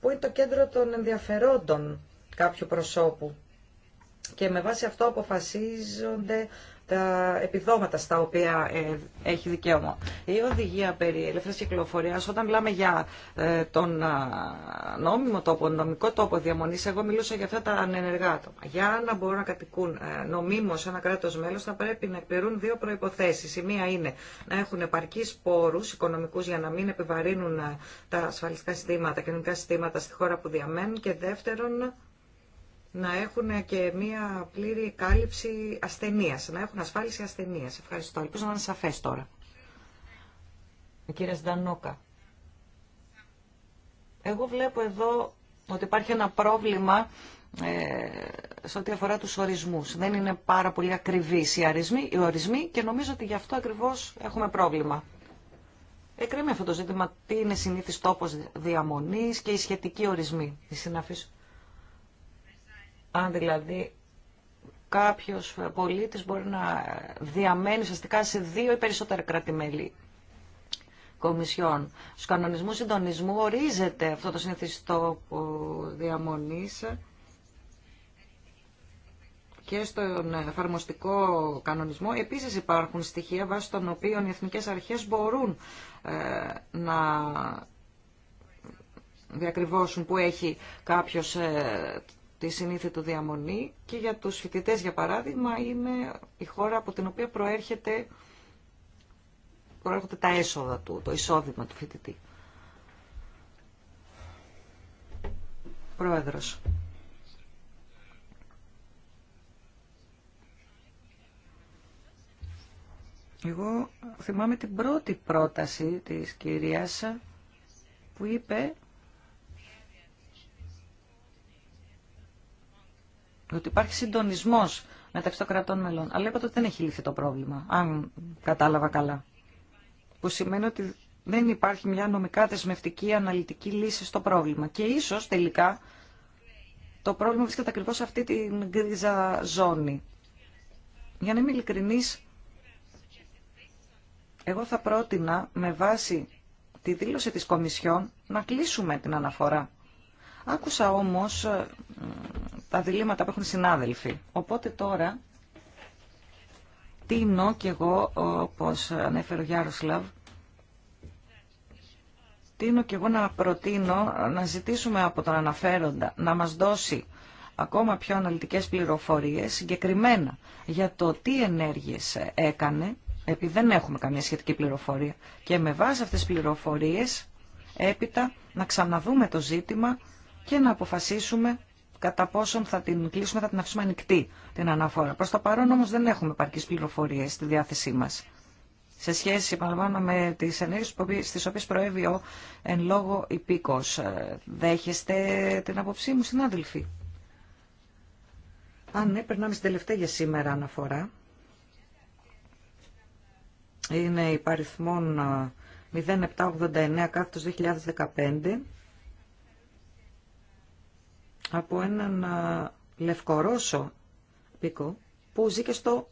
που είναι το κέντρο των ενδιαφερόντων κάποιου προσώπου. Και με βάση αυτό αποφασίζονται τα επιδόματα στα οποία ε, έχει δικαίωμα. Η οδηγία περί ελεύθερης κυκλοφορίας, όταν μιλάμε για ε, τον νόμιμο τόπο, νομικό τόπο διαμονής, εγώ μιλούσα για αυτά τα ανενεργά άτομα. Για να μπορούν να κατοικούν ε, νομίμως ένα κράτος μέλος, θα πρέπει να εκπληρούν δύο προϋποθέσεις. Η μία είναι να έχουν επαρκείς πόρους οικονομικούς για να μην επιβαρύνουν τα ασφαλιστικά συστήματα, κοινωνικά συστήματα στη χώρα που διαμένουν και δεύτερον να έχουν και μία πλήρη κάλυψη ασθενείας, να έχουν ασφάλιση ασθενείας. Ευχαριστώ. Ελπίζω να είναι σαφές τώρα. Η κυρία Σντανόκα. Εγώ βλέπω εδώ ότι υπάρχει ένα πρόβλημα ε, σε ό,τι αφορά τους ορισμούς. Δεν είναι πάρα πολύ ακριβείς οι, αρισμοί, οι ορισμοί και νομίζω ότι γι' αυτό ακριβώς έχουμε πρόβλημα. Εκκρέμει αυτό το ζήτημα τι είναι συνήθις τόπος διαμονής και οι σχετικοί ορισμοί, οι συναφείς αν δηλαδή κάποιος πολίτης μπορεί να διαμένει ουσιαστικά σε δύο ή περισσότερα κράτη-μέλη. κομισιών. Στου κανονισμού συντονισμού ορίζεται αυτό το συνηθιστό διαμονή και στον εφαρμοστικό κανονισμό. Επίσης υπάρχουν στοιχεία βάσει των οποίων οι εθνικές αρχές μπορούν ε, να διακριβώσουν που έχει κάποιος ε, τη συνήθεια του διαμονή και για τους φοιτητέ, για παράδειγμα, είναι η χώρα από την οποία προέρχεται, προέρχονται τα έσοδα του, το εισόδημα του φοιτητή. Πρόεδρος. Εγώ θυμάμαι την πρώτη πρόταση της κυρίας που είπε ότι υπάρχει συντονισμό μεταξύ των κρατών μελών. Αλλά είπατε ότι δεν έχει λύθει το πρόβλημα, αν κατάλαβα καλά. Που σημαίνει ότι δεν υπάρχει μια νομικά δεσμευτική αναλυτική λύση στο πρόβλημα. Και ίσως τελικά το πρόβλημα βρίσκεται ακριβώ σε αυτή την γκρίζα ζώνη. Για να είμαι ειλικρινή, εγώ θα πρότεινα με βάση τη δήλωση της Κομισιόν να κλείσουμε την αναφορά. Άκουσα όμως ε, τα διλήμματα που έχουν συνάδελφοι. Οπότε τώρα τίνω κι εγώ, όπως ανέφερε ο Γιάροσλαβ, τίνω κι εγώ να προτείνω να ζητήσουμε από τον αναφέροντα να μας δώσει ακόμα πιο αναλυτικές πληροφορίες συγκεκριμένα για το τι ενέργειες έκανε, επειδή δεν έχουμε καμία σχετική πληροφορία. Και με βάση αυτές τις πληροφορίες έπειτα να ξαναδούμε το ζήτημα και να αποφασίσουμε κατά πόσον θα την κλείσουμε, θα την αφήσουμε ανοιχτή την αναφορά. Προ το παρόν όμω δεν έχουμε επαρκεί πληροφορίε στη διάθεσή μα. Σε σχέση, επαναλαμβάνω, με τι ενέργειε στις οποίες προέβη ο εν λόγω υπήκο. Ε, δέχεστε την αποψή μου, συνάδελφοι. Αν ναι, περνάμε στην τελευταία για σήμερα αναφορά. Είναι υπαριθμόν 0789 ε, κάθετος 2015 από έναν Λευκορώσο πίκο που ζει και στο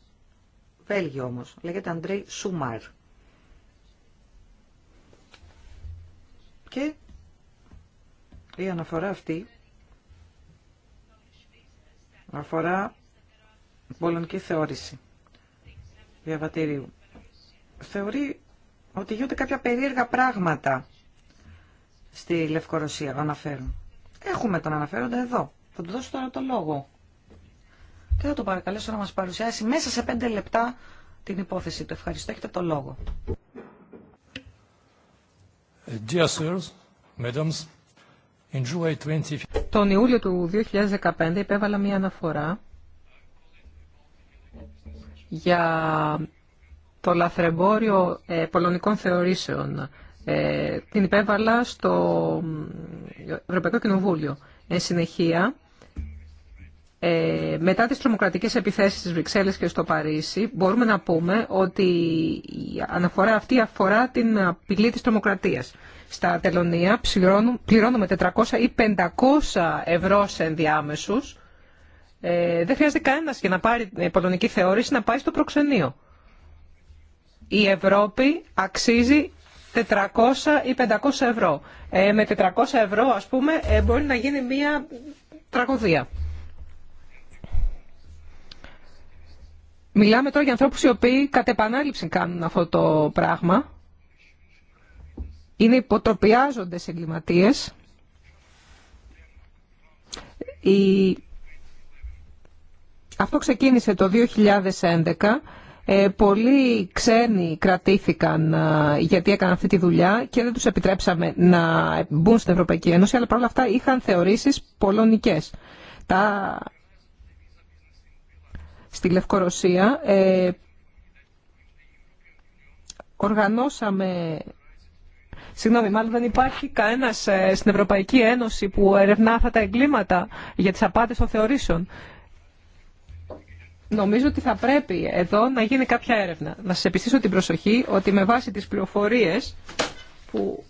Βέλγιο όμως. Λέγεται Αντρέι Σουμάρ. Και η αναφορά αυτή αφορά πολωνική θεώρηση διαβατηρίου. Θεωρεί ότι γίνονται κάποια περίεργα πράγματα στη Λευκορωσία, αναφέρουν. Έχουμε τον αναφέροντα εδώ. Θα του δώσω τώρα το λόγο. Και θα τον παρακαλέσω να μας παρουσιάσει μέσα σε πέντε λεπτά την υπόθεση του. Ευχαριστώ. Έχετε το λόγο. Ε, dear sirs, madams, in July Τον Ιούλιο του 2015 υπέβαλα μία αναφορά για το λαθρεμπόριο ε, πολωνικών θεωρήσεων ε, την υπέβαλα στο Ευρωπαϊκό Κοινοβούλιο. Εν συνεχεία, ε, μετά τις τρομοκρατικές επιθέσεις στις Βρυξέλλες και στο Παρίσι, μπορούμε να πούμε ότι αναφορά αυτή αφορά την απειλή της τρομοκρατίας. Στα τελωνία πληρώνουμε 400 ή 500 ευρώ σε ενδιάμεσους. Ε, δεν χρειάζεται κανένας για να πάρει ε, πολωνική θεώρηση να πάει στο προξενείο. Η Ευρώπη αξίζει 400 ή 500 ευρώ. Ε, με 400 ευρώ, ας πούμε, ε, μπορεί να γίνει μία τραγωδία. Μιλάμε τώρα για ανθρώπους οι οποίοι κατ' επανάληψη κάνουν αυτό το πράγμα. Είναι υποτροπιάζοντες εγκληματίες. Η... Αυτό ξεκίνησε το 2011 ε, πολλοί ξένοι κρατήθηκαν ε, γιατί έκαναν αυτή τη δουλειά και δεν τους επιτρέψαμε να μπουν στην Ευρωπαϊκή Ένωση, αλλά παρόλα αυτά είχαν θεωρήσεις πολωνικές. Τα... Στη Λευκορωσία ε, οργανώσαμε... Συγγνώμη, μάλλον δεν υπάρχει κανένα ε, στην Ευρωπαϊκή Ένωση που ερευνά αυτά τα εγκλήματα για τις απάτες των θεωρήσεων. Νομίζω ότι θα πρέπει εδώ να γίνει κάποια έρευνα. Να σα επιστήσω την προσοχή ότι με βάση τις πληροφορίες που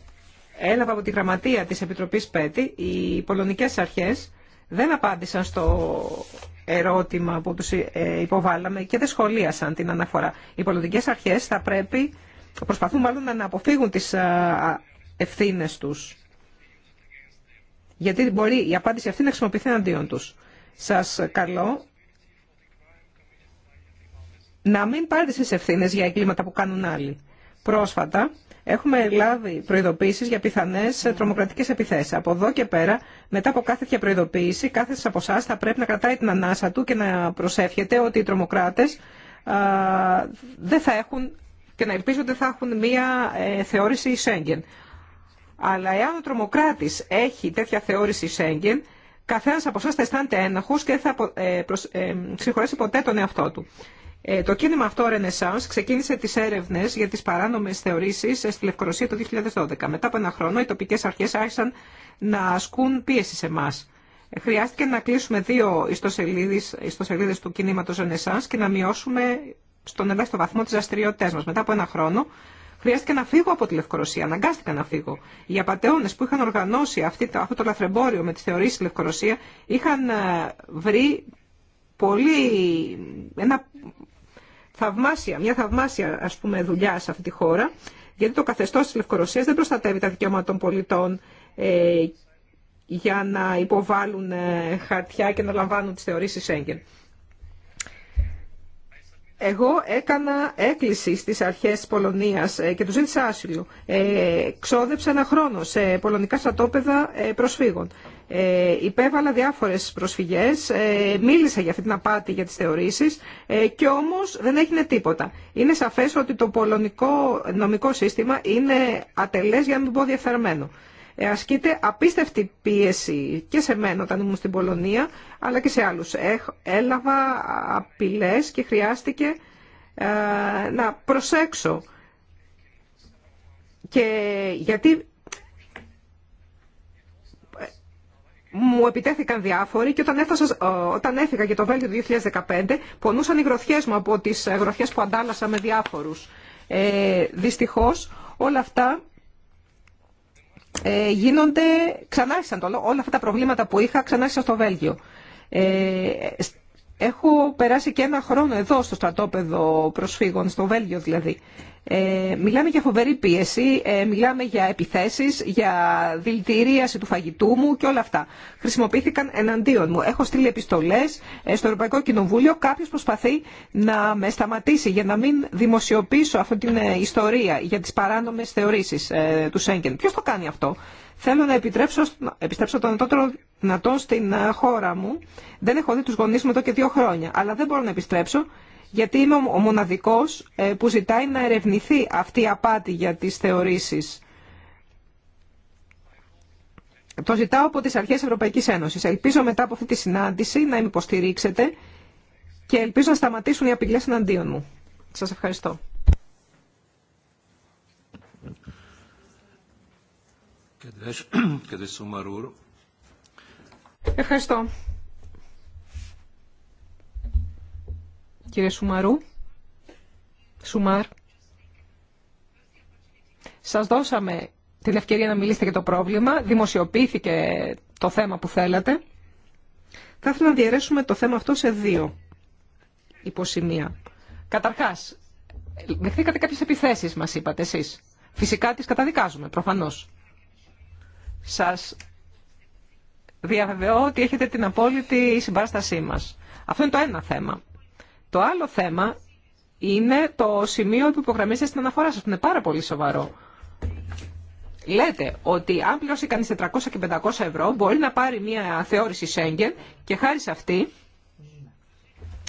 έλαβα από τη γραμματεία της Επιτροπής ΠΕΤΗ, οι πολωνικέ αρχές δεν απάντησαν στο ερώτημα που τους ε, υποβάλαμε και δεν σχολίασαν την αναφορά. Οι πολωνικές αρχές θα πρέπει, προσπαθούν μάλλον να αποφύγουν τις ευθύνες τους. Γιατί μπορεί η απάντηση αυτή να χρησιμοποιηθεί αντίον τους. Σας καλώ να μην πάρει τις ευθύνες για εγκλήματα που κάνουν άλλοι. Πρόσφατα έχουμε λάβει προειδοποίησεις για πιθανές τρομοκρατικές επιθέσεις. Από εδώ και πέρα, μετά από κάθε τέτοια προειδοποίηση, κάθε από εσά θα πρέπει να κρατάει την ανάσα του και να προσεύχεται ότι οι τρομοκράτες δεν θα έχουν και να ελπίζουν ότι θα έχουν μία ε, θεώρηση Σέγγεν. Αλλά εάν ο τρομοκράτης έχει τέτοια θεώρηση Σέγγεν, καθένας από εσά θα αισθάνεται ένοχος και θα ε, ε ποτέ τον εαυτό του. Ε, το κίνημα αυτό Renaissance ξεκίνησε τις έρευνες για τις παράνομες θεωρήσεις στη Λευκορωσία το 2012. Μετά από ένα χρόνο οι τοπικές αρχές άρχισαν να ασκούν πίεση σε εμά. Χρειάστηκε να κλείσουμε δύο ιστοσελίδες, του κινήματος Renaissance και να μειώσουμε στον ελάχιστο βαθμό τις δραστηριότητε μας. Μετά από ένα χρόνο χρειάστηκε να φύγω από τη Λευκορωσία, αναγκάστηκα να φύγω. Οι απαταιώνε που είχαν οργανώσει αυτή, αυτό το λαθρεμπόριο με τι θεωρήσει στη Λευκορωσία είχαν ε, βρει πολύ, ένα θαυμάσια, μια θαυμάσια ας πούμε, δουλειά σε αυτή τη χώρα, γιατί το καθεστώ τη Λευκορωσία δεν προστατεύει τα δικαιώματα των πολιτών ε, για να υποβάλουν ε, χαρτιά και να λαμβάνουν τι θεωρήσει έγκαιρ. Εγώ έκανα έκκληση στις αρχές της Πολωνίας ε, και του ζήτησα άσυλο. Ε, ξόδεψα ένα χρόνο σε πολωνικά στρατόπεδα ε, προσφύγων. Ε, υπέβαλα διάφορες προσφυγές, ε, μίλησα για αυτή την απάτη για τις θεωρήσεις ε, και όμως δεν έγινε τίποτα. Είναι σαφές ότι το πολωνικό νομικό σύστημα είναι ατελές για να μην πω διεφθαρμένο. Ε, ασκείται απίστευτη πίεση και σε μένα όταν ήμουν στην Πολωνία αλλά και σε άλλους. έλαβα απειλές και χρειάστηκε ε, να προσέξω και γιατί μου επιτέθηκαν διάφοροι και όταν, ε, όταν έφυγα για το Βέλγιο το 2015 πονούσαν οι γροθιές μου από τις ε, γροθιές που αντάλλασα με διάφορους. Ε, δυστυχώς όλα αυτά ε, γίνονται, ξανάρχισαν όλα αυτά τα προβλήματα που είχα ξανάρχισαν στο Βέλγιο. Ε, Έχω περάσει και ένα χρόνο εδώ στο στρατόπεδο προσφύγων, στο Βέλγιο δηλαδή. Ε, μιλάμε για φοβερή πίεση, ε, μιλάμε για επιθέσεις, για δηλητηρίαση του φαγητού μου και όλα αυτά. Χρησιμοποιήθηκαν εναντίον μου. Έχω στείλει επιστολές ε, στο Ευρωπαϊκό Κοινοβούλιο. Κάποιος προσπαθεί να με σταματήσει για να μην δημοσιοποιήσω αυτή την ε, ιστορία για τις παράνομες θεωρήσεις του Σέγγεν. Ποιος το κάνει αυτό. Θέλω να επιστρέψω τον ετών δυνατόν στην ε, χώρα μου. Δεν έχω δει του γονεί μου εδώ και δύο χρόνια, αλλά δεν μπορώ να επιστρέψω γιατί είμαι ο μοναδικός ε, που ζητάει να ερευνηθεί αυτή η απάτη για τις θεωρήσεις. Το ζητάω από τι αρχές Ευρωπαϊκής Ένωσης. Ελπίζω μετά από αυτή τη συνάντηση να με υποστηρίξετε και ελπίζω να σταματήσουν οι απειλέ εναντίον μου. Σα ευχαριστώ. Ευχαριστώ. Κύριε Σουμαρού, Σουμάρ, σας δώσαμε την ευκαιρία να μιλήσετε για το πρόβλημα. Δημοσιοποιήθηκε το θέμα που θέλατε. Θα ήθελα να διαιρέσουμε το θέμα αυτό σε δύο υποσημεία. Καταρχάς, δεχθήκατε κάποιες επιθέσεις, μας είπατε εσείς. Φυσικά τις καταδικάζουμε, προφανώς. Σας διαβεβαιώ ότι έχετε την απόλυτη συμπαστασή μας. Αυτό είναι το ένα θέμα. Το άλλο θέμα είναι το σημείο που υπογραμμίζετε στην αναφορά σας, είναι πάρα πολύ σοβαρό. Λέτε ότι αν πληρώσει κανείς 400 και 500 ευρώ μπορεί να πάρει μια θεώρηση Σέγγεν και χάρη σε αυτή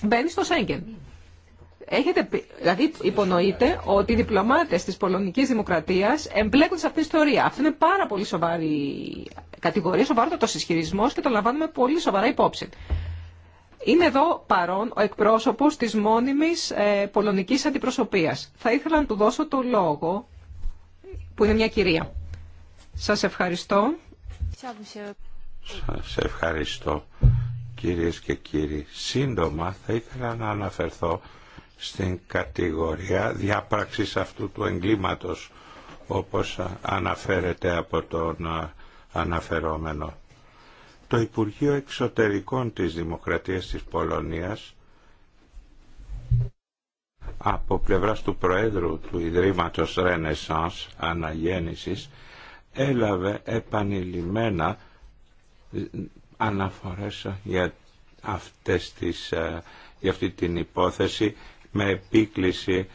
μπαίνει στο Σέγγεν. Έχετε, δηλαδή υπονοείτε ότι οι διπλωμάτες της πολωνικής δημοκρατίας εμπλέκονται σε αυτή την ιστορία. Αυτό είναι πάρα πολύ σοβαρή κατηγορία, σοβαρότατος ισχυρισμό και το λαμβάνουμε πολύ σοβαρά υπόψη. Είναι εδώ παρόν ο εκπρόσωπος της μόνιμης ε, πολωνικής αντιπροσωπείας. Θα ήθελα να του δώσω το λόγο, που είναι μια κυρία. Σας ευχαριστώ. Σας ευχαριστώ. Κυρίες και κύριοι, σύντομα θα ήθελα να αναφερθώ στην κατηγορία διάπραξης αυτού του εγκλήματος όπως αναφέρεται από τον αναφερόμενο. Το Υπουργείο Εξωτερικών της Δημοκρατίας της Πολωνίας από πλευράς του Προέδρου του Ιδρύματος Ρενεσάνς Αναγέννησης έλαβε επανειλημμένα ε, αναφορές για αυτές τις ε, για αυτή την υπόθεση με επίκληση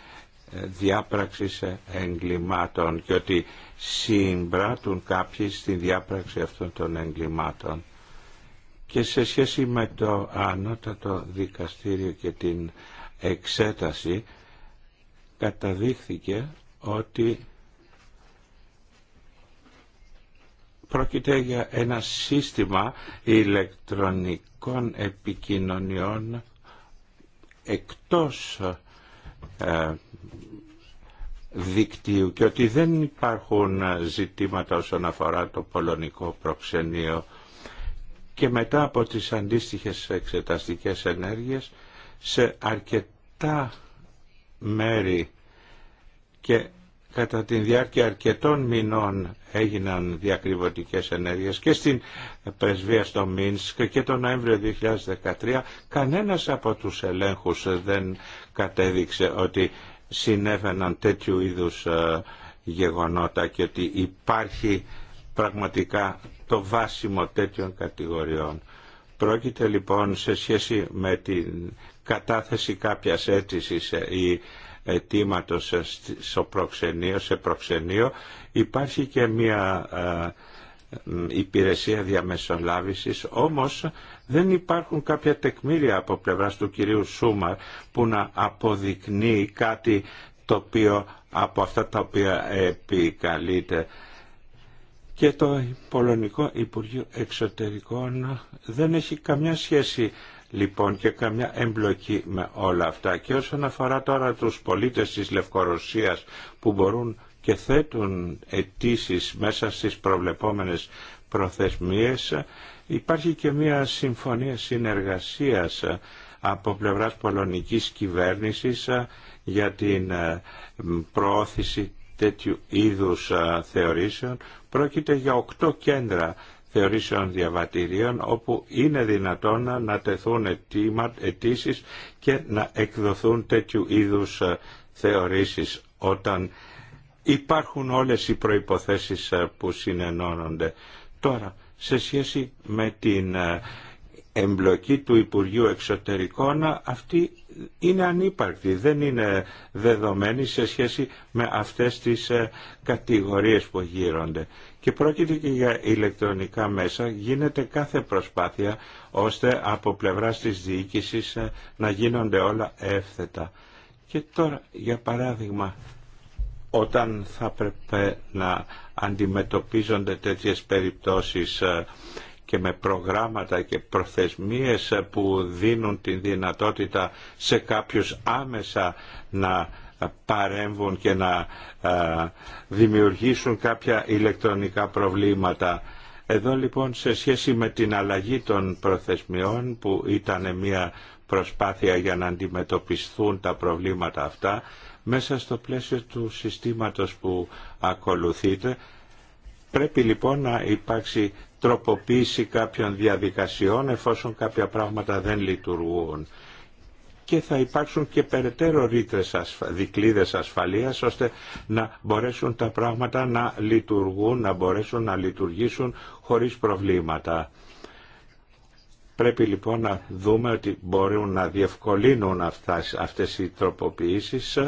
ε, διάπραξης ε, εγκλημάτων και ότι συμπράττουν κάποιοι στην διάπραξη αυτών των εγκλημάτων. Και σε σχέση με το ανώτατο δικαστήριο και την εξέταση καταδείχθηκε ότι πρόκειται για ένα σύστημα ηλεκτρονικών επικοινωνιών εκτός ε, δικτύου και ότι δεν υπάρχουν ζητήματα όσον αφορά το πολωνικό προξενείο και μετά από τις αντίστοιχες εξεταστικές ενέργειες σε αρκετά μέρη και κατά τη διάρκεια αρκετών μηνών έγιναν διακριβωτικές ενέργειες και στην πρεσβεία στο Μίνσκ και τον Νοέμβριο 2013 κανένας από τους ελέγχους δεν κατέδειξε ότι συνέβαιναν τέτοιου είδους ε, γεγονότα και ότι υπάρχει πραγματικά το βάσιμο τέτοιων κατηγοριών. Πρόκειται λοιπόν σε σχέση με την κατάθεση κάποιας αίτησης ή ε, αιτήματο ε, στο προξενείο, σε προξενείο, υπάρχει και μια ε, υπηρεσία διαμεσολάβησης, όμως δεν υπάρχουν κάποια τεκμήρια από πλευράς του κυρίου Σούμαρ που να αποδεικνύει κάτι το οποίο από αυτά τα οποία επικαλείται. Και το Πολωνικό Υπουργείο Εξωτερικών δεν έχει καμιά σχέση λοιπόν και καμιά εμπλοκή με όλα αυτά. Και όσον αφορά τώρα τους πολίτες της Λευκορωσίας που μπορούν και θέτουν αιτήσει μέσα στις προβλεπόμενες προθεσμίες, υπάρχει και μια συμφωνία συνεργασίας από πλευράς πολωνικής κυβέρνησης για την ε, προώθηση τέτοιου είδους ε, θεωρήσεων. Πρόκειται για οκτώ κέντρα θεωρήσεων διαβατηρίων όπου είναι δυνατόν να τεθούν αιτήσει και να εκδοθούν τέτοιου είδους ε, θεωρήσεις όταν υπάρχουν όλες οι προϋποθέσεις ε, που συνενώνονται. Τώρα, σε σχέση με την ε, εμπλοκή του Υπουργείου Εξωτερικών αυτή είναι ανύπαρκτη, δεν είναι δεδομένη σε σχέση με αυτές τις ε, κατηγορίες που γύρονται. Και πρόκειται και για ηλεκτρονικά μέσα, γίνεται κάθε προσπάθεια ώστε από πλευράς της διοίκησης ε, να γίνονται όλα εύθετα. Και τώρα, για παράδειγμα, όταν θα πρέπει να αντιμετωπίζονται τέτοιες περιπτώσεις ε, και με προγράμματα και προθεσμίες που δίνουν την δυνατότητα σε κάποιους άμεσα να παρέμβουν και να δημιουργήσουν κάποια ηλεκτρονικά προβλήματα. Εδώ λοιπόν σε σχέση με την αλλαγή των προθεσμιών που ήταν μια προσπάθεια για να αντιμετωπιστούν τα προβλήματα αυτά, μέσα στο πλαίσιο του συστήματος που ακολουθείτε, πρέπει λοιπόν να υπάρξει τροποποίηση κάποιων διαδικασιών εφόσον κάποια πράγματα δεν λειτουργούν και θα υπάρξουν και περαιτέρω ρήτρες ασφα... δικλείδες ασφαλείας ώστε να μπορέσουν τα πράγματα να λειτουργούν, να μπορέσουν να λειτουργήσουν χωρίς προβλήματα. Πρέπει λοιπόν να δούμε ότι μπορούν να διευκολύνουν αυτές, αυτές οι τροποποιήσεις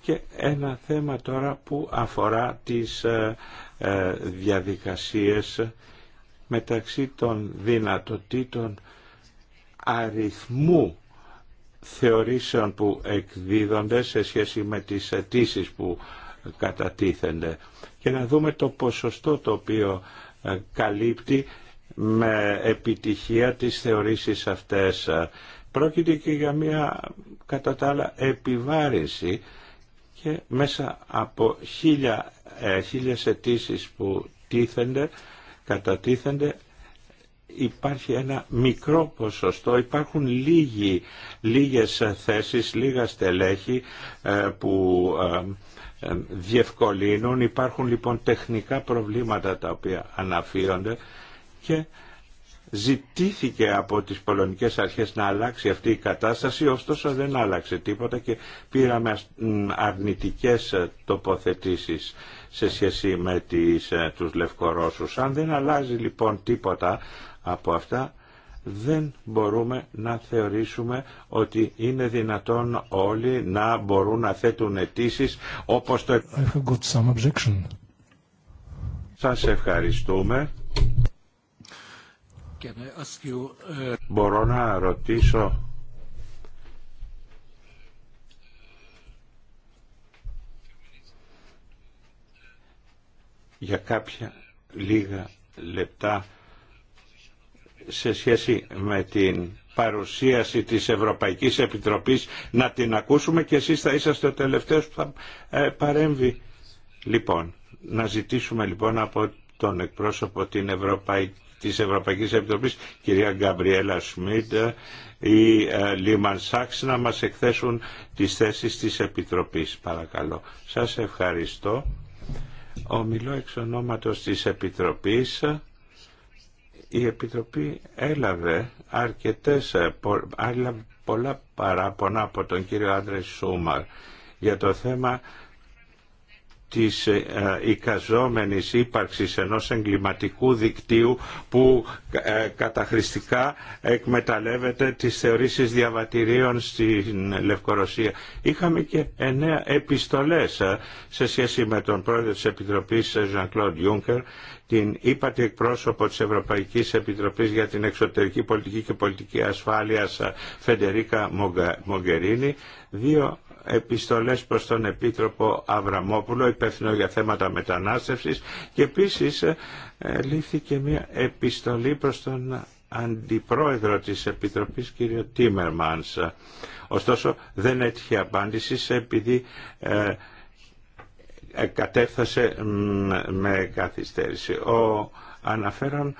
και ένα θέμα τώρα που αφορά τις ε, ε, διαδικασίες μεταξύ των δυνατοτήτων αριθμού θεωρήσεων που εκδίδονται σε σχέση με τις αιτήσει που κατατίθενται και να δούμε το ποσοστό το οποίο ε, καλύπτει με επιτυχία τις θεωρήσεις αυτές. Πρόκειται και για μια κατά τα άλλα επιβάρυνση και μέσα από χίλια, ε, χίλιες αιτήσει που τίθενται κατατίθενται υπάρχει ένα μικρό ποσοστό, υπάρχουν λίγοι, λίγες θέσεις, λίγα στελέχη ε, που ε, ε, διευκολύνουν. Υπάρχουν λοιπόν τεχνικά προβλήματα τα οποία αναφύονται και ζητήθηκε από τις πολωνικές αρχές να αλλάξει αυτή η κατάσταση, ωστόσο δεν άλλαξε τίποτα και πήραμε αρνητικές τοποθετήσεις σε σχέση με τις, ε, τους Λευκορώσους. Αν δεν αλλάζει λοιπόν τίποτα από αυτά, δεν μπορούμε να θεωρήσουμε ότι είναι δυνατόν όλοι να μπορούν να θέτουν αιτήσει όπως το... I Σας ευχαριστούμε. Ε, Μπορώ να ρωτήσω για κάποια λίγα λεπτά σε σχέση με την παρουσίαση της Ευρωπαϊκής Επιτροπής να την ακούσουμε και εσείς θα είσαστε ο τελευταίος που θα ε, παρέμβει. Λοιπόν, να ζητήσουμε λοιπόν από τον εκπρόσωπο την Ευρωπαϊκή της Ευρωπαϊκής Επιτροπής, κυρία Γκαμπριέλα Σμίτ ή ε, Λίμαν Σάξ, να μας εκθέσουν τις θέσεις της Επιτροπής. Παρακαλώ. Σας ευχαριστώ. Ομιλώ εξ ονόματος της Επιτροπής. Η Επιτροπή έλαβε αρκετές, έλαβε πολλά παράπονα από τον κύριο Άντρε Σούμαρ για το θέμα της ε, εικαζόμενης ύπαρξης ενός εγκληματικού δικτύου που ε, καταχρηστικά εκμεταλλεύεται τις θεωρήσεις διαβατηρίων στην Λευκορωσία. Είχαμε και εννέα επιστολές ε, σε σχέση με τον πρόεδρο της Επιτροπής Jean-Claude Juncker την ύπατη εκπρόσωπο της Ευρωπαϊκής Επιτροπής για την Εξωτερική Πολιτική και Πολιτική Ασφάλειας Φεντερίκα Μογκερίνη, δύο επιστολές προς τον Επίτροπο Αβραμόπουλο, υπεύθυνο για θέματα μετανάστευσης και επίσης ε, ε, λήφθηκε μια επιστολή προς τον Αντιπρόεδρο της Επιτροπής κύριο Τίμερμανς. Ωστόσο δεν έτυχε απάντηση επειδή ε, ε κατέφθασε με καθυστέρηση. Ο αναφέρον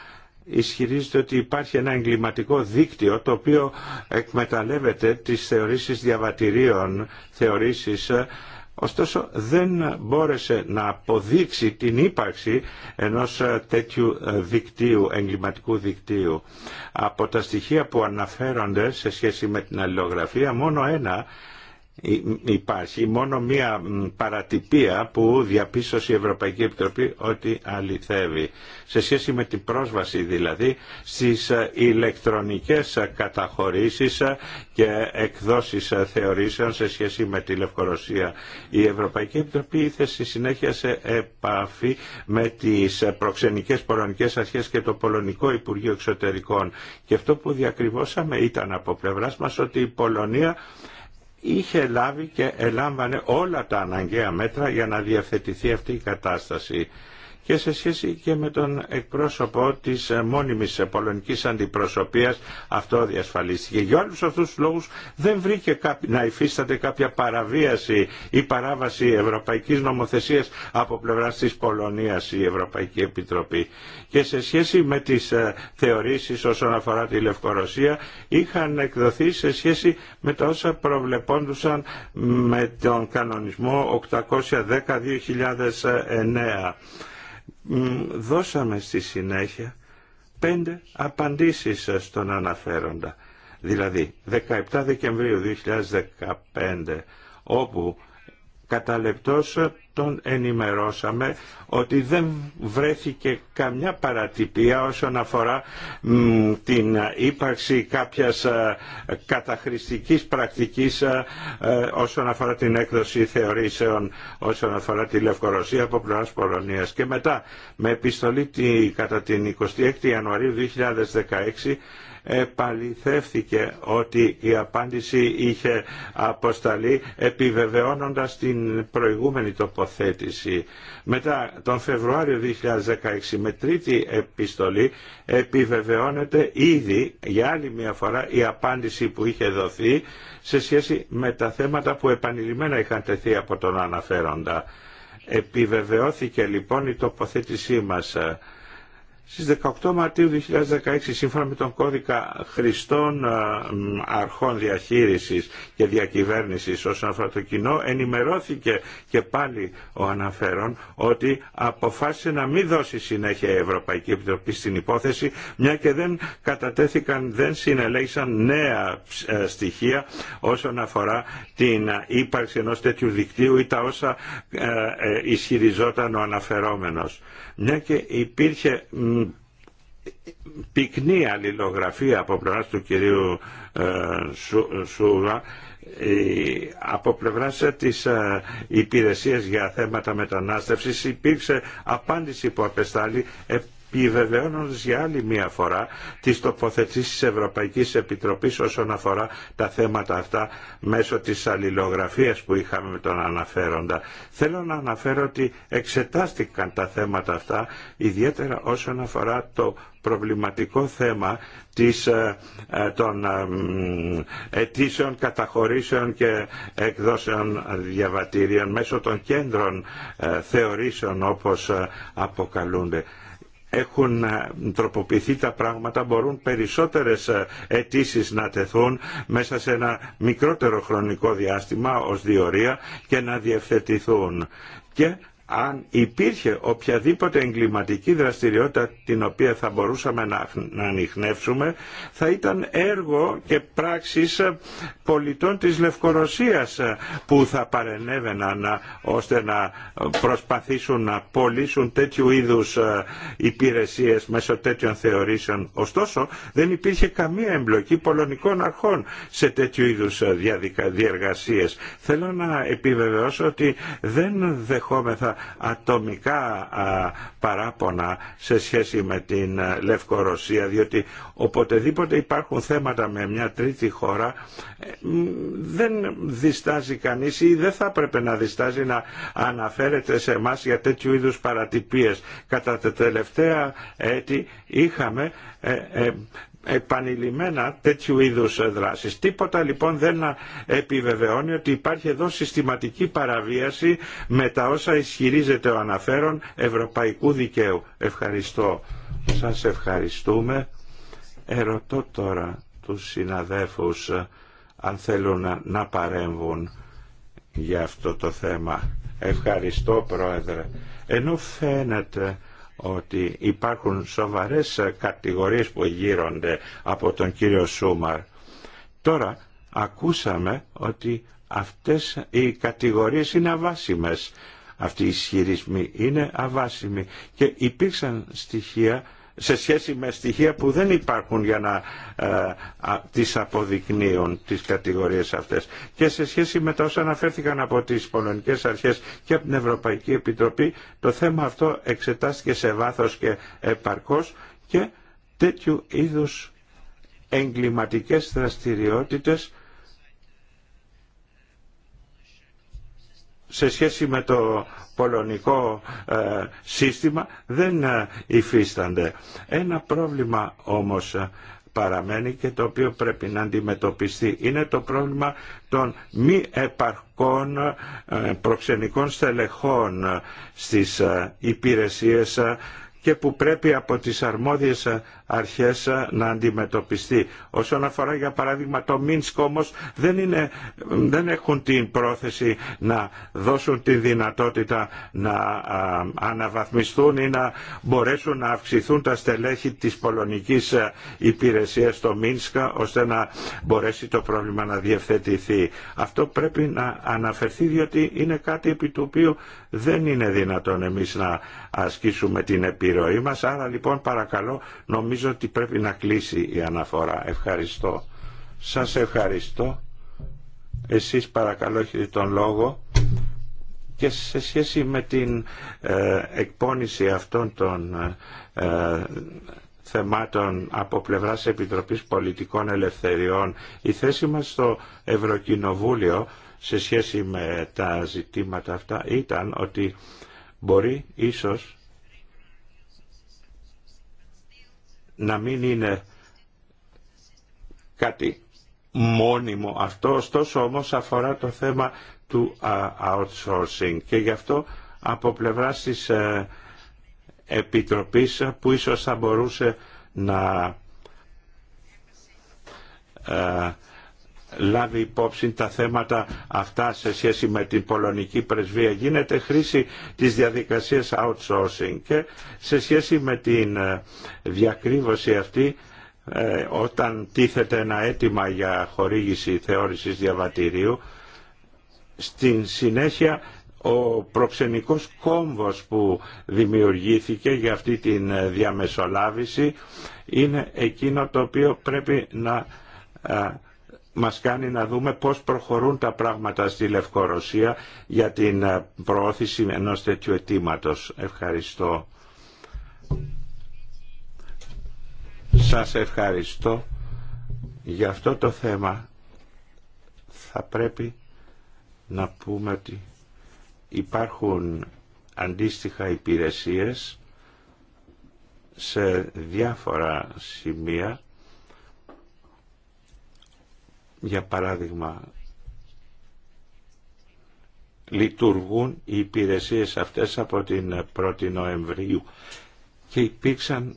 ισχυρίζεται ότι υπάρχει ένα εγκληματικό δίκτυο το οποίο εκμεταλλεύεται τις θεωρήσεις διαβατηρίων, θεωρήσεις ε, Ωστόσο δεν μπόρεσε να αποδείξει την ύπαρξη ενός ε, τέτοιου ε, δικτύου, εγκληματικού δικτύου. Από τα στοιχεία που αναφέρονται σε σχέση με την αλληλογραφία, μόνο ένα υπάρχει μόνο μία παρατυπία που διαπίστωσε η Ευρωπαϊκή Επιτροπή ότι αληθεύει. Σε σχέση με την πρόσβαση δηλαδή στις ε, ηλεκτρονικές καταχωρήσεις ε, και εκδόσεις ε, θεωρήσεων σε σχέση με τη Λευκορωσία. Η Ευρωπαϊκή Επιτροπή ήρθε συνέχεια σε επαφή με τις προξενικές πολωνικές αρχές και το Πολωνικό Υπουργείο Εξωτερικών. Και αυτό που διακριβώσαμε ήταν από πλευράς μας ότι η Πολωνία είχε λάβει και ελάμβανε όλα τα αναγκαία μέτρα για να διαθετηθεί αυτή η κατάσταση και σε σχέση και με τον εκπρόσωπο της μόνιμης πολωνικής αντιπροσωπείας αυτό διασφαλίστηκε. Για όλους αυτούς τους λόγους δεν βρήκε να υφίσταται κάποια παραβίαση ή παράβαση ευρωπαϊκής νομοθεσίας από πλευράς της Πολωνίας η Ευρωπαϊκή Επιτροπή. Και σε σχέση με τις ε, θεωρήσεις όσον αφορά τη Λευκορωσία είχαν εκδοθεί σε σχέση με τα όσα προβλεπόντουσαν με τον κανονισμό 810-2009 δώσαμε στη συνέχεια πέντε απαντήσεις στον αναφέροντα. Δηλαδή 17 Δεκεμβρίου 2015 όπου λεπτός τον ενημερώσαμε ότι δεν βρέθηκε καμιά παρατυπία όσον αφορά την ύπαρξη κάποιας α, ε, καταχρηστικής πρακτικής α, ε, ε, όσον αφορά την έκδοση θεωρήσεων όσον αφορά τη Λευκορωσία από πλευράς Πολωνίας. Και μετά με επιστολή τη, κατά την 26 Ιανουαρίου 2016 επαληθεύθηκε ότι η απάντηση είχε αποσταλεί επιβεβαιώνοντας την προηγούμενη τοποθέτηση. Μετά τον Φεβρουάριο 2016 με τρίτη επιστολή επιβεβαιώνεται ήδη για άλλη μια φορά η απάντηση που είχε δοθεί σε σχέση με τα θέματα που επανειλημμένα είχαν τεθεί από τον αναφέροντα. Επιβεβαιώθηκε λοιπόν η τοποθέτησή μας στις 18 Μαρτίου 2016, σύμφωνα με τον κώδικα χρηστών ε, αρχών διαχείρισης και διακυβέρνησης όσον αφορά το κοινό, ενημερώθηκε και πάλι ο αναφέρον ότι αποφάσισε να μην δώσει συνέχεια η Ευρωπαϊκή Επιτροπή στην υπόθεση, μια και δεν κατατέθηκαν, δεν συνελέγησαν νέα ε, στοιχεία όσον αφορά την ύπαρξη ενός τέτοιου δικτύου ή τα όσα ε, ισχυριζόταν ο αναφερόμενος. Μια και υπήρχε πυκνή αλληλογραφία από πλευρά του κυρίου ε, Σούγα από πλευράς της ε, υπηρεσίας για θέματα μετανάστευσης υπήρξε απάντηση που απεστάλλει ε, επιβεβαιώνοντας για άλλη μία φορά τις τοποθετήσεις της Ευρωπαϊκής Επιτροπής όσον αφορά τα θέματα αυτά μέσω της αλληλογραφίας που είχαμε με τον αναφέροντα. Θέλω να αναφέρω ότι εξετάστηκαν τα θέματα αυτά ιδιαίτερα όσον αφορά το προβληματικό θέμα της, ε, ε, των ε, αιτήσεων καταχωρήσεων και εκδόσεων διαβατήριων μέσω των κέντρων θεωρήσεων όπως αποκαλούνται έχουν ε, τροποποιηθεί τα πράγματα, μπορούν περισσότερες ε, αιτήσει να τεθούν μέσα σε ένα μικρότερο χρονικό διάστημα ως διορία και να διευθετηθούν. Και αν υπήρχε οποιαδήποτε εγκληματική δραστηριότητα την οποία θα μπορούσαμε να, να ανοιχνεύσουμε θα ήταν έργο και πράξεις ε, πολιτών της Λευκορωσίας ε, που θα παρενέβαιναν ε, ώστε να προσπαθήσουν να πωλήσουν τέτοιου είδους υπηρεσίες μέσω τέτοιων θεωρήσεων. Ωστόσο δεν υπήρχε καμία εμπλοκή πολωνικών αρχών σε τέτοιου είδους διεργασίες. Θέλω να επιβεβαιώσω ότι δεν δεχόμεθα ατομικά παράπονα σε σχέση με την Λευκορωσία διότι οποτεδήποτε υπάρχουν θέματα με μια τρίτη χώρα ε, δεν διστάζει κανείς ή δεν θα έπρεπε να διστάζει να αναφέρεται σε εμά για τέτοιου είδους παρατυπίες. Κατά τα τελευταία έτη είχαμε ε, ε, επανειλημμένα τέτοιου είδους ε, δράσεις. Τίποτα λοιπόν δεν επιβεβαιώνει ότι υπάρχει εδώ συστηματική παραβίαση με τα όσα ισχυρίζεται ο αναφέρον ευρωπαϊκού δικαίου. Ευχαριστώ. Σας ευχαριστούμε. Ερωτώ τώρα τους συναδέφους ε, αν θέλουν να παρέμβουν για αυτό το θέμα. Ευχαριστώ Πρόεδρε. Ενώ φαίνεται ότι υπάρχουν σοβαρές κατηγορίες που γύρονται από τον κύριο Σούμαρ. Τώρα ακούσαμε ότι αυτές οι κατηγορίες είναι αβάσιμες. Αυτοί οι ισχυρισμοί είναι αβάσιμοι και υπήρξαν στοιχεία σε σχέση με στοιχεία που δεν υπάρχουν για να ε, τις αποδεικνύουν τις κατηγορίες αυτές και σε σχέση με τα όσα αναφέρθηκαν από τις πολωνικές αρχές και από την Ευρωπαϊκή Επιτροπή το θέμα αυτό εξετάστηκε σε βάθος και επαρκώς και τέτοιου είδους εγκληματικές δραστηριότητες σε σχέση με το πολωνικό ε, σύστημα δεν ε, υφίστανται. Ένα πρόβλημα όμως ε, παραμένει και το οποίο πρέπει να αντιμετωπιστεί. Είναι το πρόβλημα των μη επαρκών προξενικών στελεχών στις υπηρεσίες και που πρέπει από τις αρμόδιες αρχές να αντιμετωπιστεί. Όσον αφορά για παράδειγμα το Μίνσκ όμως δεν, είναι, δεν έχουν την πρόθεση να δώσουν τη δυνατότητα να αναβαθμιστούν ή να μπορέσουν να αυξηθούν τα στελέχη της πολωνικής υπηρεσίας στο Μίνσκ ώστε να μπορέσει το πρόβλημα να διευθετηθεί. Αυτό πρέπει να αναφερθεί διότι είναι κάτι επί του οποίου δεν είναι δυνατόν εμείς να ασκήσουμε την επιρροή Άρα λοιπόν παρακαλώ νομίζω ότι πρέπει να κλείσει η αναφορά. Ευχαριστώ. Σας ευχαριστώ. Εσείς παρακαλώ έχετε τον λόγο και σε σχέση με την ε, εκπόνηση αυτών των ε, θεμάτων από πλευράς Επιτροπής Πολιτικών Ελευθεριών η θέση μας στο Ευρωκοινοβούλιο σε σχέση με τα ζητήματα αυτά ήταν ότι μπορεί ίσως να μην είναι κάτι μόνιμο αυτό, ωστόσο όμως αφορά το θέμα του outsourcing και γι' αυτό από πλευράς της ε, Επιτροπής που ίσως θα μπορούσε να ε, λάβει υπόψη τα θέματα αυτά σε σχέση με την πολωνική πρεσβεία. Γίνεται χρήση της διαδικασίας outsourcing και σε σχέση με την ε, διακρύβωση αυτή ε, όταν τίθεται ένα αίτημα για χορήγηση θεώρησης διαβατηρίου στην συνέχεια ο προξενικός κόμβος που δημιουργήθηκε για αυτή την ε, διαμεσολάβηση είναι εκείνο το οποίο πρέπει να μας κάνει να δούμε πώς προχωρούν τα πράγματα στη Λευκορωσία για την ε, προώθηση ενός τέτοιου αιτήματο. Ευχαριστώ. Σας ευχαριστώ για αυτό το θέμα. Θα πρέπει να πούμε ότι υπάρχουν αντίστοιχα υπηρεσίες σε διάφορα σημεία για παράδειγμα, λειτουργούν οι υπηρεσίες αυτές από την 1η Νοεμβρίου και υπήρξαν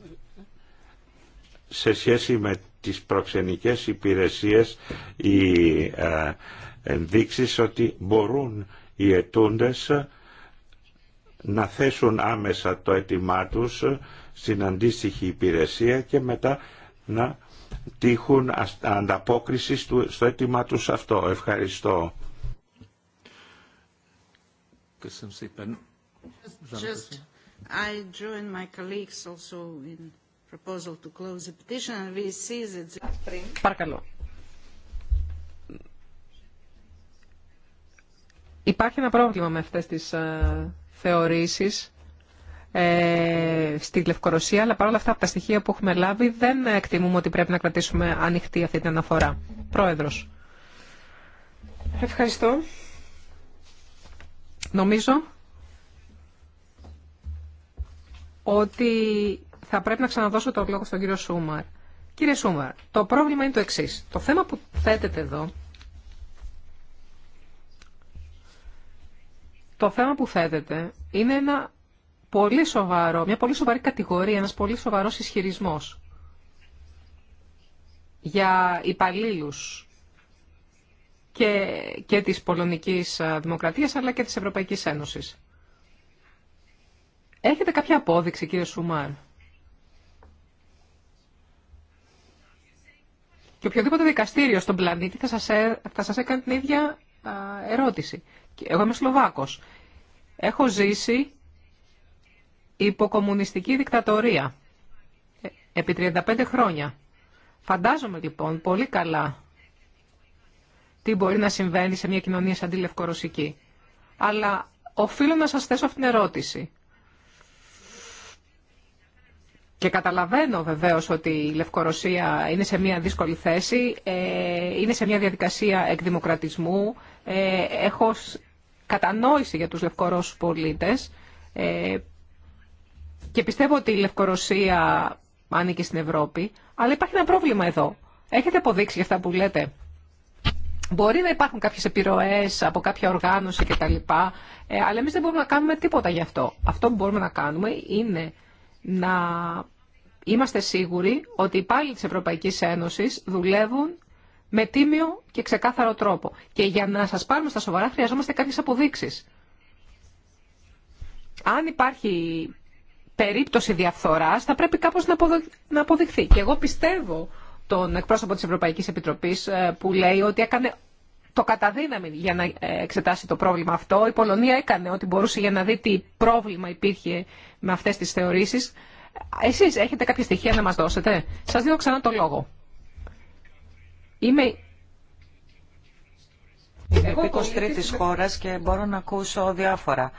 σε σχέση με τις προξενικές υπηρεσίες οι ε, ενδείξεις ότι μπορούν οι ετούντες να θέσουν άμεσα το αίτημά τους στην αντίστοιχη υπηρεσία και μετά να τύχουν ανταπόκρισης στο αίτημά τους αυτό. Ευχαριστώ. Just, I join my colleagues also in proposal to close the petition and we see that... Παρακαλώ. Υπάρχει ένα πρόβλημα με αυτές τις ε, θεωρήσεις ε, στη Λευκορωσία, αλλά παρόλα αυτά από τα στοιχεία που έχουμε λάβει δεν εκτιμούμε ότι πρέπει να κρατήσουμε ανοιχτή αυτή την αναφορά. Πρόεδρος. Ευχαριστώ. Νομίζω ότι θα πρέπει να ξαναδώσω το λόγο στον κύριο Σούμαρ. Κύριε Σούμαρ, το πρόβλημα είναι το εξή. Το θέμα που θέτετε εδώ Το θέμα που θέτεται είναι ένα πολύ σοβαρό, μια πολύ σοβαρή κατηγορία, ένας πολύ σοβαρός ισχυρισμός για υπαλλήλου και, και της πολωνικής δημοκρατίας αλλά και της Ευρωπαϊκής Ένωσης. Έχετε κάποια απόδειξη κύριε Σουμάρ. Και οποιοδήποτε δικαστήριο στον πλανήτη θα σας, ε, θα σας έκανε την ίδια α, ερώτηση. Εγώ είμαι Σλοβάκος. Έχω ζήσει υποκομμουνιστική δικτατορία επί 35 χρόνια. Φαντάζομαι λοιπόν πολύ καλά τι μπορεί να συμβαίνει σε μια κοινωνία σαν τη Λευκορωσική. Αλλά οφείλω να σας θέσω αυτήν την ερώτηση. Και καταλαβαίνω βεβαίως ότι η Λευκορωσία είναι σε μια δύσκολη θέση, ε, είναι σε μια διαδικασία εκδημοκρατισμού. Ε, έχω κατανόηση για τους Λευκορώσους πολίτες ε, και πιστεύω ότι η Λευκορωσία ανήκει στην Ευρώπη, αλλά υπάρχει ένα πρόβλημα εδώ. Έχετε αποδείξει για αυτά που λέτε. Μπορεί να υπάρχουν κάποιες επιρροές από κάποια οργάνωση κτλ. Ε, αλλά εμείς δεν μπορούμε να κάνουμε τίποτα γι' αυτό. Αυτό που μπορούμε να κάνουμε είναι να είμαστε σίγουροι ότι οι υπάλληλοι της Ευρωπαϊκής Ένωσης δουλεύουν με τίμιο και ξεκάθαρο τρόπο. Και για να σας πάρουμε στα σοβαρά χρειαζόμαστε κάποιες αποδείξεις. Αν υπάρχει περίπτωση διαφθοράς θα πρέπει κάπως να αποδειχθεί. Και εγώ πιστεύω τον εκπρόσωπο της Ευρωπαϊκής Επιτροπής ε, που λέει ότι έκανε το καταδύναμη για να ε, εξετάσει το πρόβλημα αυτό. Η Πολωνία έκανε ό,τι μπορούσε για να δει τι πρόβλημα υπήρχε με αυτές τις θεωρήσεις. Εσείς έχετε κάποια στοιχεία να μας δώσετε. Σας δίνω ξανά το λόγο. Είμαι επίκος τρίτης χώρας και μπορώ να ακούσω διάφορα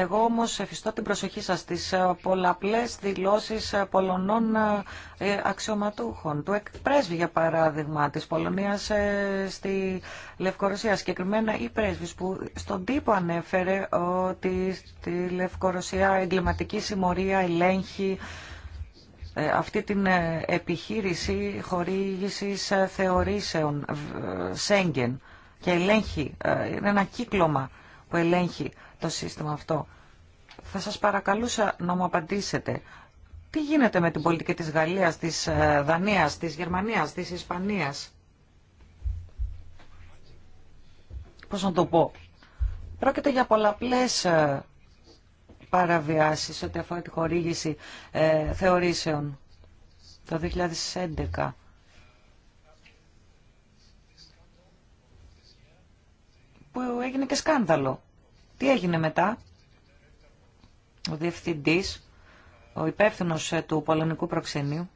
εγώ όμως εφιστώ την προσοχή σας στις ε, πολλαπλές δηλώσεις ε, πολωνών ε, αξιωματούχων. Του εκπρέσβη για παράδειγμα της Πολωνίας στη Λευκορωσία. Συγκεκριμένα η πρέσβης που στον τύπο ανέφερε ότι στη Λευκορωσία εγκληματική συμμορία ελέγχει αυτή την επιχείρηση χορήγησης θεωρήσεων Σέγγεν και ελέγχει, είναι ένα κύκλωμα που ελέγχει το σύστημα αυτό. Θα σας παρακαλούσα να μου απαντήσετε. Τι γίνεται με την πολιτική της Γαλλίας, της ε, Δανίας, της Γερμανίας, της Ισπανίας. Πώς να το πω. Πρόκειται για πολλαπλές ε, παραβιάσεις ό,τι αφορά τη χορήγηση ε, θεωρήσεων το 2011. Που έγινε και σκάνδαλο. Τι έγινε μετά. Ο διευθυντής, ο υπεύθυνο ε, του πολωνικού προξενείου,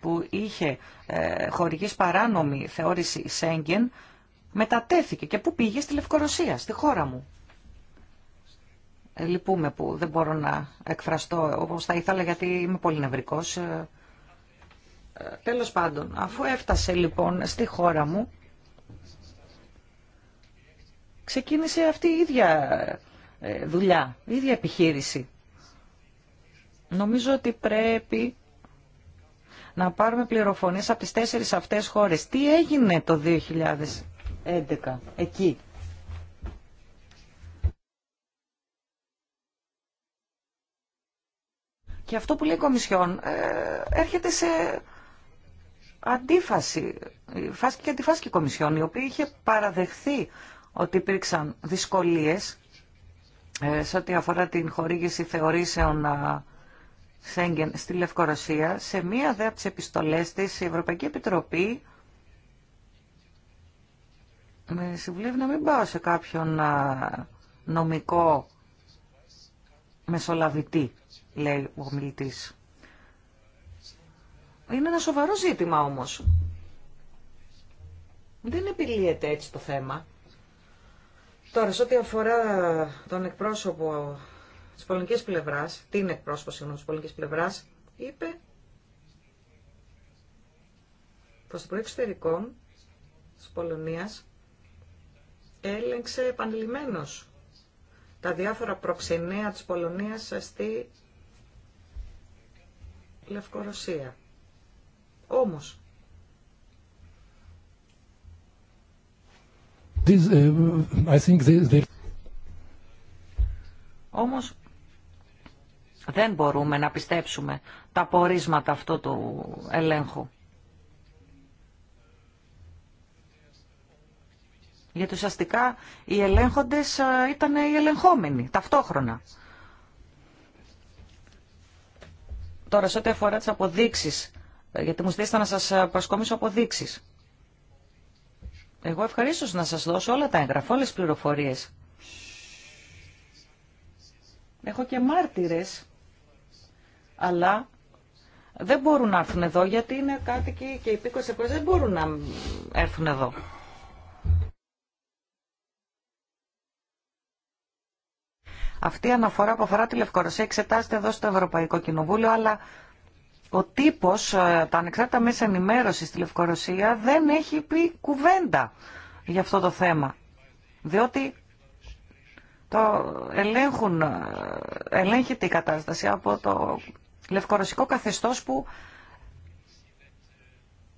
που είχε ε, παράνομη θεώρηση Σέγγεν, μετατέθηκε και πού πήγε στη Λευκορωσία, στη χώρα μου. Ε, λυπούμε που δεν μπορώ να εκφραστώ όπως θα ήθελα γιατί είμαι πολύ νευρικός. Ε, Τέλος πάντων, αφού έφτασε λοιπόν στη χώρα μου, ξεκίνησε αυτή η ίδια ε, δουλειά, η ίδια επιχείρηση. Νομίζω ότι πρέπει να πάρουμε πληροφορίες από τις τέσσερις αυτές χώρες. Τι έγινε το 2011 εκεί. Και αυτό που λέει η Κομισιόν ε, έρχεται σε αντίφαση, φάσκη και αντιφάσκη Κομισιόν, η οποία είχε παραδεχθεί ότι υπήρξαν δυσκολίες ε, σε ό,τι αφορά την χορήγηση θεωρήσεων Σέγγεν στη Λευκορωσία. Σε μία δε από τις επιστολές της η Ευρωπαϊκή Επιτροπή με συμβουλεύει να μην πάω σε κάποιον νομικό μεσολαβητή, λέει ο μιλητής. Είναι ένα σοβαρό ζήτημα όμως. Δεν επιλύεται έτσι το θέμα. Τώρα, σε ό,τι αφορά τον εκπρόσωπο της πολωνικής πλευράς, την εκπρόσωπο, συγγνώμη, της πολιτικής πλευράς, είπε πως το Υπουργείο Εξωτερικών της Πολωνίας έλεγξε επανειλημμένως τα διάφορα προξενέα της Πολωνίας στη Λευκορωσία. Όμως, This, uh, I think δεν μπορούμε να πιστέψουμε τα πορίσματα αυτού του ελέγχου. Γιατί ουσιαστικά οι ελέγχοντες ε, ήταν οι ελεγχόμενοι ταυτόχρονα. Τώρα σε ό,τι αφορά τις αποδείξεις γιατί μου ζητήσατε να σας ε, προσκομίσω αποδείξεις. Εγώ ευχαρίστως να σας δώσω όλα τα έγγραφα, όλες τις πληροφορίες. Έχω και μάρτυρες, αλλά δεν μπορούν να έρθουν εδώ γιατί είναι κάτοικοι και οι πίκοες δεν μπορούν να έρθουν εδώ. Αυτή η αναφορά που αφορά τη Λευκορωσία εξετάζεται εδώ στο Ευρωπαϊκό Κοινοβούλιο, αλλά ο τύπος, ε, τα ανεξάρτητα μέσα ενημέρωση στη Λευκορωσία δεν έχει πει κουβέντα για αυτό το θέμα. Διότι το ελέγχουν, ε, ελέγχεται η κατάσταση από το λευκορωσικό καθεστώς που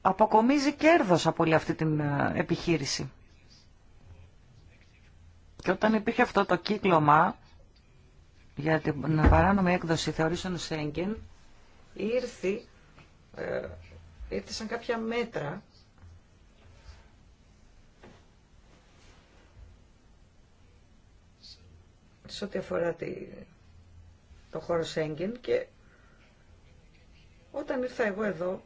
αποκομίζει κέρδος από όλη αυτή την ε, επιχείρηση. Και όταν υπήρχε αυτό το κύκλωμα για την παράνομη έκδοση θεωρήσεων Σέγγεν, ήρθε, ε, ήρθαν κάποια μέτρα σε ό,τι αφορά τη, το χώρο Σέγγεν και όταν ήρθα εγώ εδώ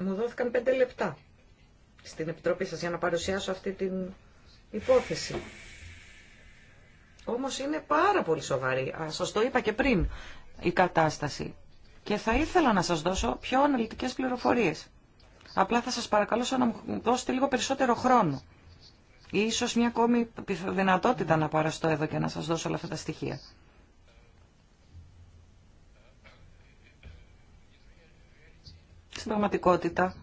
μου δόθηκαν πέντε λεπτά στην Επιτροπή σας για να παρουσιάσω αυτή την υπόθεση. Όμως είναι πάρα πολύ σοβαρή. Σας το είπα και πριν η κατάσταση. Και θα ήθελα να σας δώσω πιο αναλυτικές πληροφορίες. Απλά θα σας παρακαλούσα να μου δώσετε λίγο περισσότερο χρόνο. Ή ίσως μια ακόμη δυνατότητα να παραστώ εδώ και να σας δώσω όλα αυτά τα στοιχεία. Στην πραγματικότητα,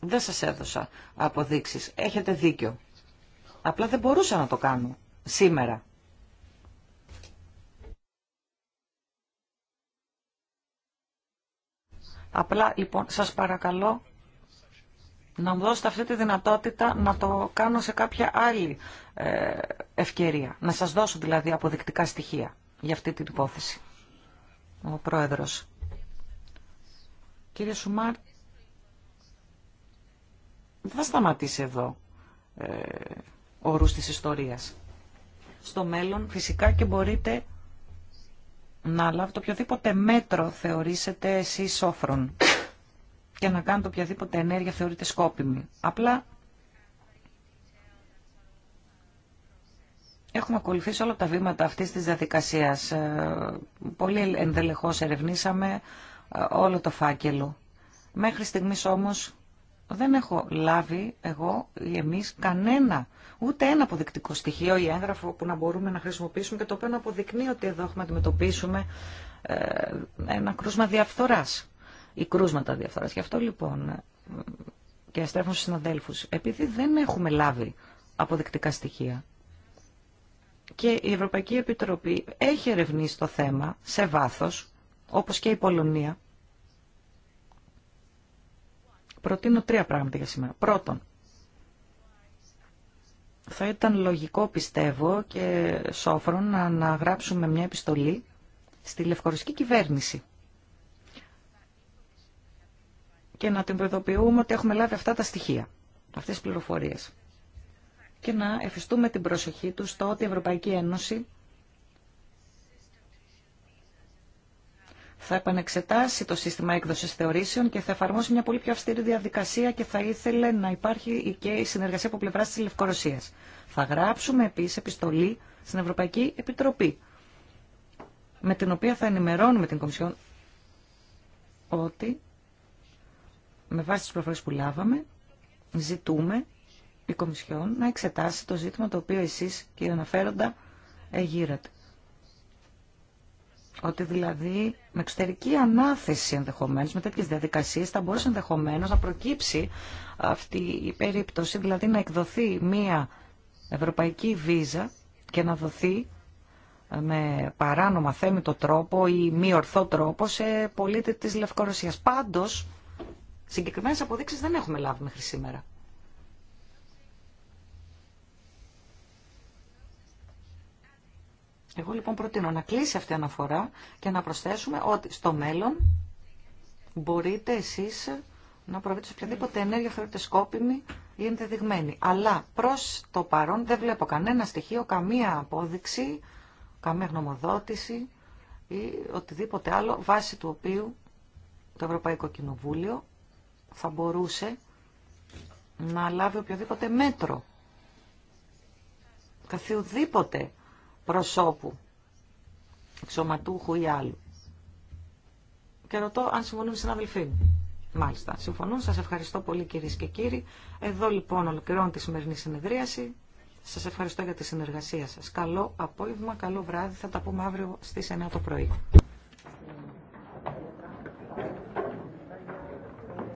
δεν σας έδωσα αποδείξεις. Έχετε δίκιο. Απλά δεν μπορούσα να το κάνω σήμερα. Απλά λοιπόν σας παρακαλώ να μου δώσετε αυτή τη δυνατότητα να το κάνω σε κάποια άλλη ε, ευκαιρία. Να σας δώσω δηλαδή αποδεικτικά στοιχεία για αυτή την υπόθεση. Ο Πρόεδρος. Κύριε Σουμάρ, δεν θα σταματήσει εδώ ε, όρους της ιστορίας. Στο μέλλον φυσικά και μπορείτε να λάβετε οποιοδήποτε μέτρο θεωρήσετε εσείς σόφρον και να κάνετε οποιαδήποτε ενέργεια θεωρείτε σκόπιμη. Απλά Έχουμε ακολουθήσει όλα τα βήματα αυτής της διαδικασίας. Ε, πολύ ενδελεχώς ερευνήσαμε ε, όλο το φάκελο. Μέχρι στιγμής όμως δεν έχω λάβει εγώ ή εμείς κανένα, ούτε ένα αποδεικτικό στοιχείο ή έγγραφο που να μπορούμε να χρησιμοποιήσουμε και το οποίο να αποδεικνύει ότι εδώ έχουμε να αντιμετωπίσουμε ε, ένα κρούσμα διαφθοράς ή κρούσματα διαφθοράς. Γι' αυτό λοιπόν ε, και αστρέφω στους συναδέλφους, επειδή δεν έχουμε λάβει αποδεικτικά στοιχεία και η Ευρωπαϊκή Επιτροπή έχει ερευνήσει το θέμα σε βάθος, όπως και η Πολωνία, προτείνω τρία πράγματα για σήμερα. Πρώτον, θα ήταν λογικό πιστεύω και σόφρον να, γράψουμε μια επιστολή στη λευκορωσική κυβέρνηση και να την προειδοποιούμε ότι έχουμε λάβει αυτά τα στοιχεία, αυτές τις πληροφορίες και να εφιστούμε την προσοχή του στο ότι η Ευρωπαϊκή Ένωση θα επανεξετάσει το σύστημα έκδοσης θεωρήσεων και θα εφαρμόσει μια πολύ πιο αυστηρή διαδικασία και θα ήθελε να υπάρχει και η συνεργασία από πλευρά της Λευκορωσίας. Θα γράψουμε επίσης επιστολή στην Ευρωπαϊκή Επιτροπή, με την οποία θα ενημερώνουμε την Κομισιόν ότι με βάση τις προφορές που λάβαμε ζητούμε η Κομισιόν να εξετάσει το ζήτημα το οποίο εσείς κύριε αναφέροντα εγείρατε. Ότι δηλαδή με εξωτερική ανάθεση ενδεχομένω με τέτοιε διαδικασίες, θα μπορούσε ενδεχομένω να προκύψει αυτή η περίπτωση, δηλαδή να εκδοθεί μία ευρωπαϊκή βίζα και να δοθεί ε, με παράνομα θέμητο τρόπο ή μη ορθό τρόπο σε πολίτη της Λευκορωσίας. Πάντως, συγκεκριμένες αποδείξεις δεν έχουμε λάβει μέχρι σήμερα. Εγώ λοιπόν προτείνω να κλείσει αυτή η αναφορά και να προσθέσουμε ότι στο μέλλον μπορείτε εσείς να προβείτε σε οποιαδήποτε ενέργεια θεωρείτε σκόπιμη ή ενδεδειγμένη. Αλλά προς το παρόν δεν βλέπω κανένα στοιχείο, καμία απόδειξη, καμία γνωμοδότηση ή οτιδήποτε άλλο βάσει του οποίου το Ευρωπαϊκό Κοινοβούλιο θα μπορούσε να λάβει οποιοδήποτε μέτρο. Καθιουδήποτε προσώπου, εξωματούχου ή άλλου. Και ρωτώ αν συμφωνούν οι συναδελφοί μου. Μάλιστα, συμφωνούν. Σας ευχαριστώ πολύ κυρίε και κύριοι. Εδώ λοιπόν ολοκληρώνω τη σημερινή συνεδρίαση. Σας ευχαριστώ για τη συνεργασία σας. Καλό απόγευμα, καλό βράδυ. Θα τα πούμε αύριο στις 9 το πρωί.